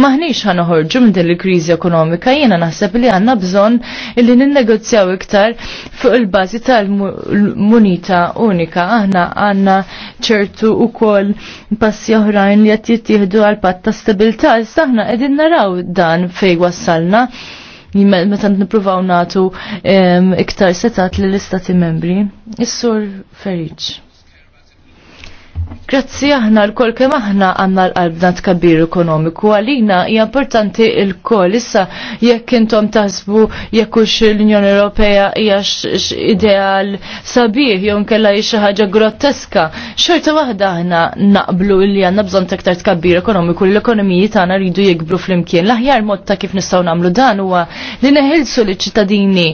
S2: maħniex ħanoħorġu minn din il-kriżi ekonomika jiena naħseb li għandna bżonn illi ninnegozjaw iktar fuq il-bażi tal-munita unika aħna għanna ċertu u kol passi oħrajn li għat jittieħdu għal patta stabilta. Istaħna edin naraw dan fej wassalna meta nipruvaw natu iktar setat l-istati membri. Is-sur Ferriċ. Grazzi aħna l-kol kem aħna għanna l-qalbna tkabbir ekonomiku għalina hija importanti l-kol issa jekk intom taħsbu jekk hux l-Unjoni Ewropea hija ideal sabiħ jew kella hi xi ħaġa grotteska. Xorta waħda aħna naqblu li għandna bżonn aktar tkabbir ekonomiku l-ekonomiji tagħna rridu jikbru flimkien. L-aħjar mod ta' kif nistgħu nagħmlu dan huwa li neħilsu l ċittadini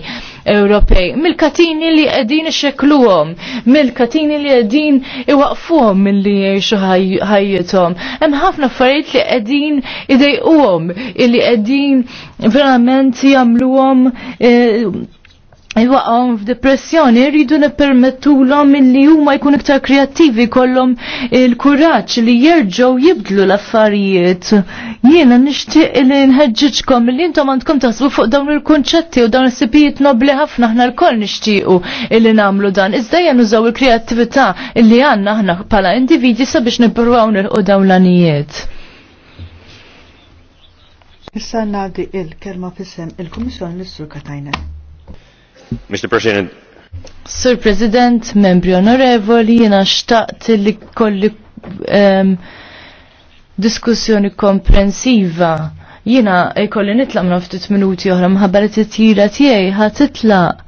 S2: Ewropej, mill-katini li qegħdin ixxekluhom, mill-katini li qegħdin iwaqfuhom milli jgħixu ħajjetom. Hemm ħafna affarijiet li qegħdin idejquhom, li qegħdin verament jagħmluhom eh, Iwaqgħu f'depressjoni rridu nippermettulhom li huma jkun iktar kreattivi kollom il-kuraġġ li jerġgħu jibdlu l-affarijiet. Jiena nixtieq li nħeġġiġkom li jintom għandkom taħsbu fuq dawn il-kunċetti u dawn il sibijiet nobli ħafna aħna lkoll nixtiequ li nagħmlu dan. Iżda jen nużaw il-kreattività li għandna aħna bħala individwi sabiex nil nilqu dawn l-anijiet.
S1: Issa n-naħdi il-kelma f'issem il-Kummissjoni l-Sur Katajna. Mr. President.
S2: Sir President, membri onorevoli, jena xtaqt li kolli um, diskussjoni komprensiva. Jena jkolli e, nitla minn ftit minuti oħra mħabba li titjira tiegħi ħa titlaq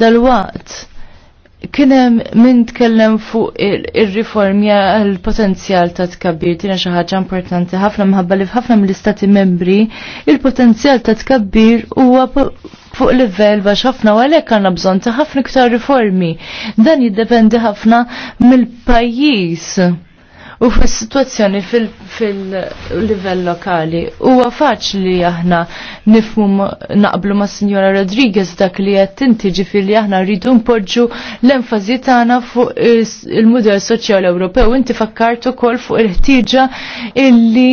S2: dal-waqt kienem minn tkellem fuq il-riformja għal potenzjal ta' tkabbir tina xi ħaġa importanti ħafna mħabba li f'ħafna mill-istati membri il-potenzjal ta' tkabbir huwa fuq livell baxx ħafna u għalhekk għandna bżonn ta' ħafna iktar riformi. Dan jiddependi ħafna mill-pajjiż u fis-sitwazzjoni fil-livell lokali. Huwa faċli aħna nifmu naqblu ma' Sinjora Rodriguez dak li qed tinti ġifieri aħna rridu nporġu l enfasi tagħna fuq il-mudell soċjali Ewropew. Inti fakkart ukoll fuq il-ħtieġa illi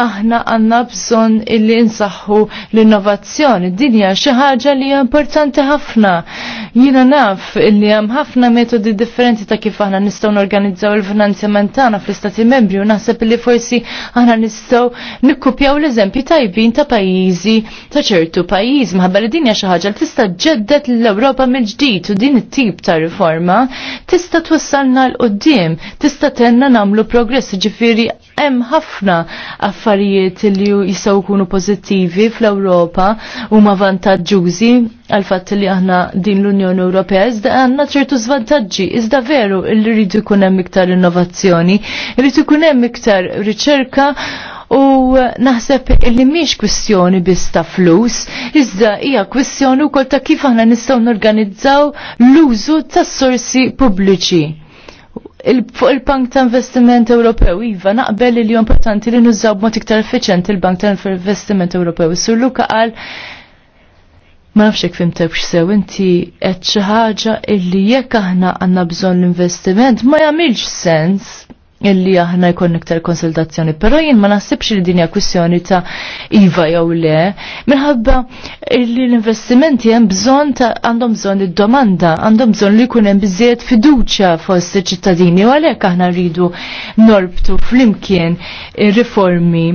S2: aħna għanna bżon illi nsaħħu l-innovazzjoni. Dinja xi ħaġa li hija importanti ħafna. Jiena naf illi hemm ħafna metodi differenti ta' kif aħna nistgħu norganizzaw il-finanzjament tagħna fl-Istati Membri u naħseb illi forsi aħna nistgħu nikkupjaw l-eżempji tajbin ta' pajjiżi ta' ċertu pajjiż minħabba li dinja xi ħaġa li tista' ġeddet l-Ewropa mill-ġdid u din it-tip ta' riforma tista' twassalna l-qoddim, tista' tenna nagħmlu progress ġifieri hemm ħafna affarijiet li jistgħu jkunu pożittivi fl-Ewropa huma vantaġġużi għal fatt li aħna din l-Unjoni Ewropea iżda għandna ċertu żvantaġġi iżda veru li rridu jkun hemm iktar innovazzjoni, rridu jkun hemm iktar riċerka U naħseb li miex kwistjoni biss ta' flus, iżda hija kwistjoni wkoll ta' kif aħna nistgħu norganizzaw l-użu tas-sorsi pubbliċi fuq il-Bank ta' Investiment Ewropew, Iva, naqbel li importanti li nużaw b'mod iktar effiċenti il-Bank ta' Investiment Ewropew. Sur Luka qal ma nafx jekk fimtek sew inti qed xi ħaġa illi jekk aħna għandna bżonn l-investiment ma jagħmilx sens illi aħna jkun iktar konsultazzjoni. Però jien ma naħsibx li dinja kwissjoni ta' iva jew le, minħabba li l-investimenti hemm bżonn ta' għandhom bżonn id-domanda, għandhom bżonn li jkun hemm biżejjed fiduċja fost iċ-ċittadini u għalhekk aħna rridu norbtu flimkien ir-riformi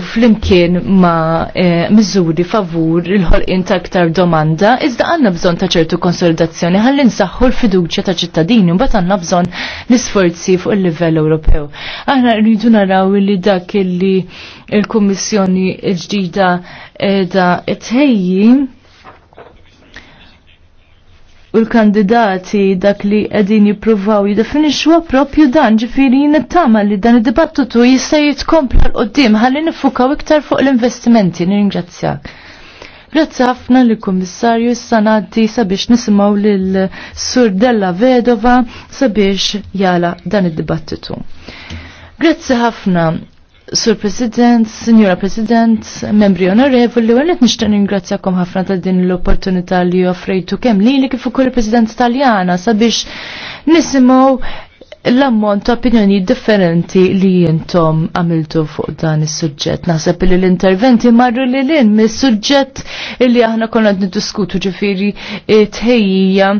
S2: flimkien ma eh, miżuri favur il-ħolqien ta' aktar domanda, iżda għanna bżon ta' ċertu konsolidazzjoni ħalli nsaħħu l-fiduċja ta' ċittadini u bat għanna bżon l sforzi fuq il-livell Ewropew. Aħna rridu naraw li dak li il-Kummissjoni l-ġdida edha tħejji u l-kandidati dak li qegħdin jippruvaw jiddefinixxu propju dan ġifieri nittama li dan id-dibattitu jista' jitkompla l qudiem ħalli nifukaw iktar fuq l-investimenti. n-ingrazzjak. Grazzi ħafna li kummissarju s-sanati sabiex nisimaw l Sur Della Vedova sabiex jala dan id-dibattitu. Grazzi ħafna. Sur President, Signora President, membri onorevoli, għanet nishtan ingrazzjakom ħafna ta' din l-opportunità li offrejtu kemm li li kif ukoll il-President Taljana sabiex nisimgħu l-ammont ta' opinjoni differenti li jintom għamiltu fuq dan is suġġett Naħseb li l-interventi marru li l-in mis suġġett li aħna konna niddiskutu ġifiri tħejja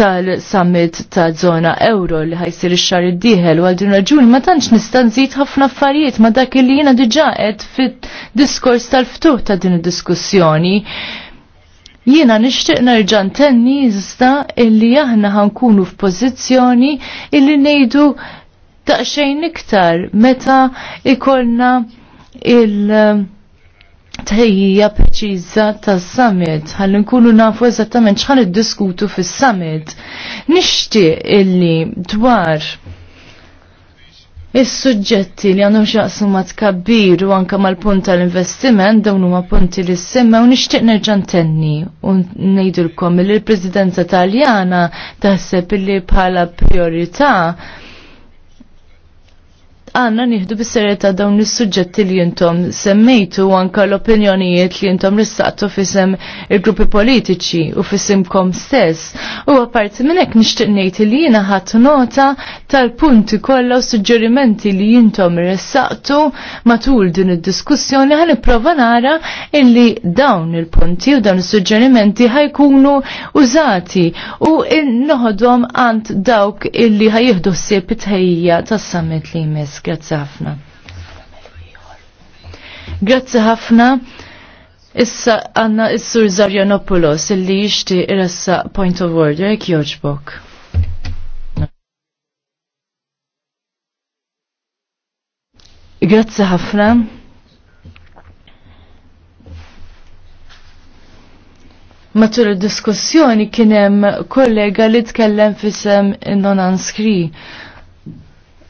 S2: tal-summit ta' zona euro li ħajsir ix-xar id diħel u għal-din raġuni ma tantx nistanżit ħafna affarijiet ma dak li jiena diġa fit-diskors tal-ftuħ ta' din id-diskussjoni. Jiena nixtieq nerġa' ntenni iżda illi aħna ħankunu f'pożizzjoni illi ngħidu daqsxejn iktar meta ikolna il- tħejjija preċiża tas-summit, ħalli nkunu nafu eżattament x'ħan iddiskutu fis-summit. Nixtieq illi dwar Is-suġġetti li għandhom xaqsu ma tkabbir u anka mal-punt tal-investiment dawn huma punti li semma u nixtieq nerġa' ntenni u ngħidulkom li l-Presidenza Taljana taħseb li bħala priorità' għanna nieħdu bis-serjetà dawn is-suġġetti li intom semmejtu anke l-opinjonijiet li intom ristaqtu fisem il-gruppi politiċi u fisimkom stess. U apparti minn hekk nixtieq ngħid li jiena ħadd nota tal-punti kollha u suġġerimenti li intom ressaqtu matul din id-diskussjoni ħan nipprova nara illi dawn il-punti u dawn is-suġġerimenti ħajkunu użati u noħodhom għand dawk illi ħajjieħdu ssib it-tħejja tas-summit li jmiss. Grazzi ħafna. Grazzi ħafna. Issa għanna s sur Zarjanopoulos illi jishti irassa point of order ek joġbok. Grazzi ħafna. Matul id-diskussjoni kien hemm kollega li tkellem fisem non anskri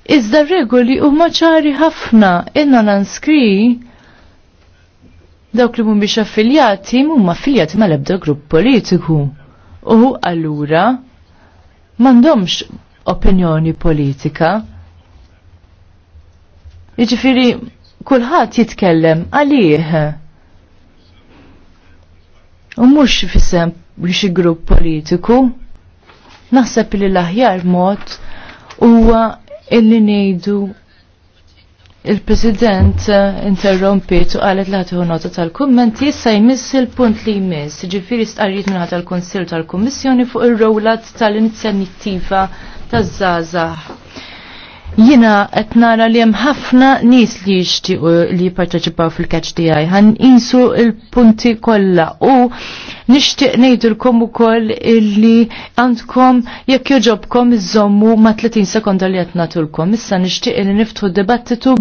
S2: Iżda regoli huma ċari ħafna inna nanskri dawk li mhumiex affiljati mumma affiljati mal-ebda grupp politiku. U allura m'għandhomx opinjoni politika. Jiġifieri kulħadd jitkellem għalih. U mhux fissem xi grupp politiku. Naħseb li l-aħjar mod huwa illi ngħidu Il-President interrompiet u għalet li hu nota tal-kumment jissa jmiss il-punt li jmiss, ġifiri stqarriet minna tal-Konsil tal-Kommissjoni fuq ir-rowlat tal-inizjattiva taż-żazax. Jina qed nara li hemm ħafna nies li jixtiequ li jipparteċipaw fil-catch tiegħi. Ħan insu l-punti kollha u nixtieq ngħidulkom ukoll illi għandkom jekk joġobkom iżommu ma' 30 sekonda li qed nagħtulkom. Issa nixtieq li niftħu dibattitu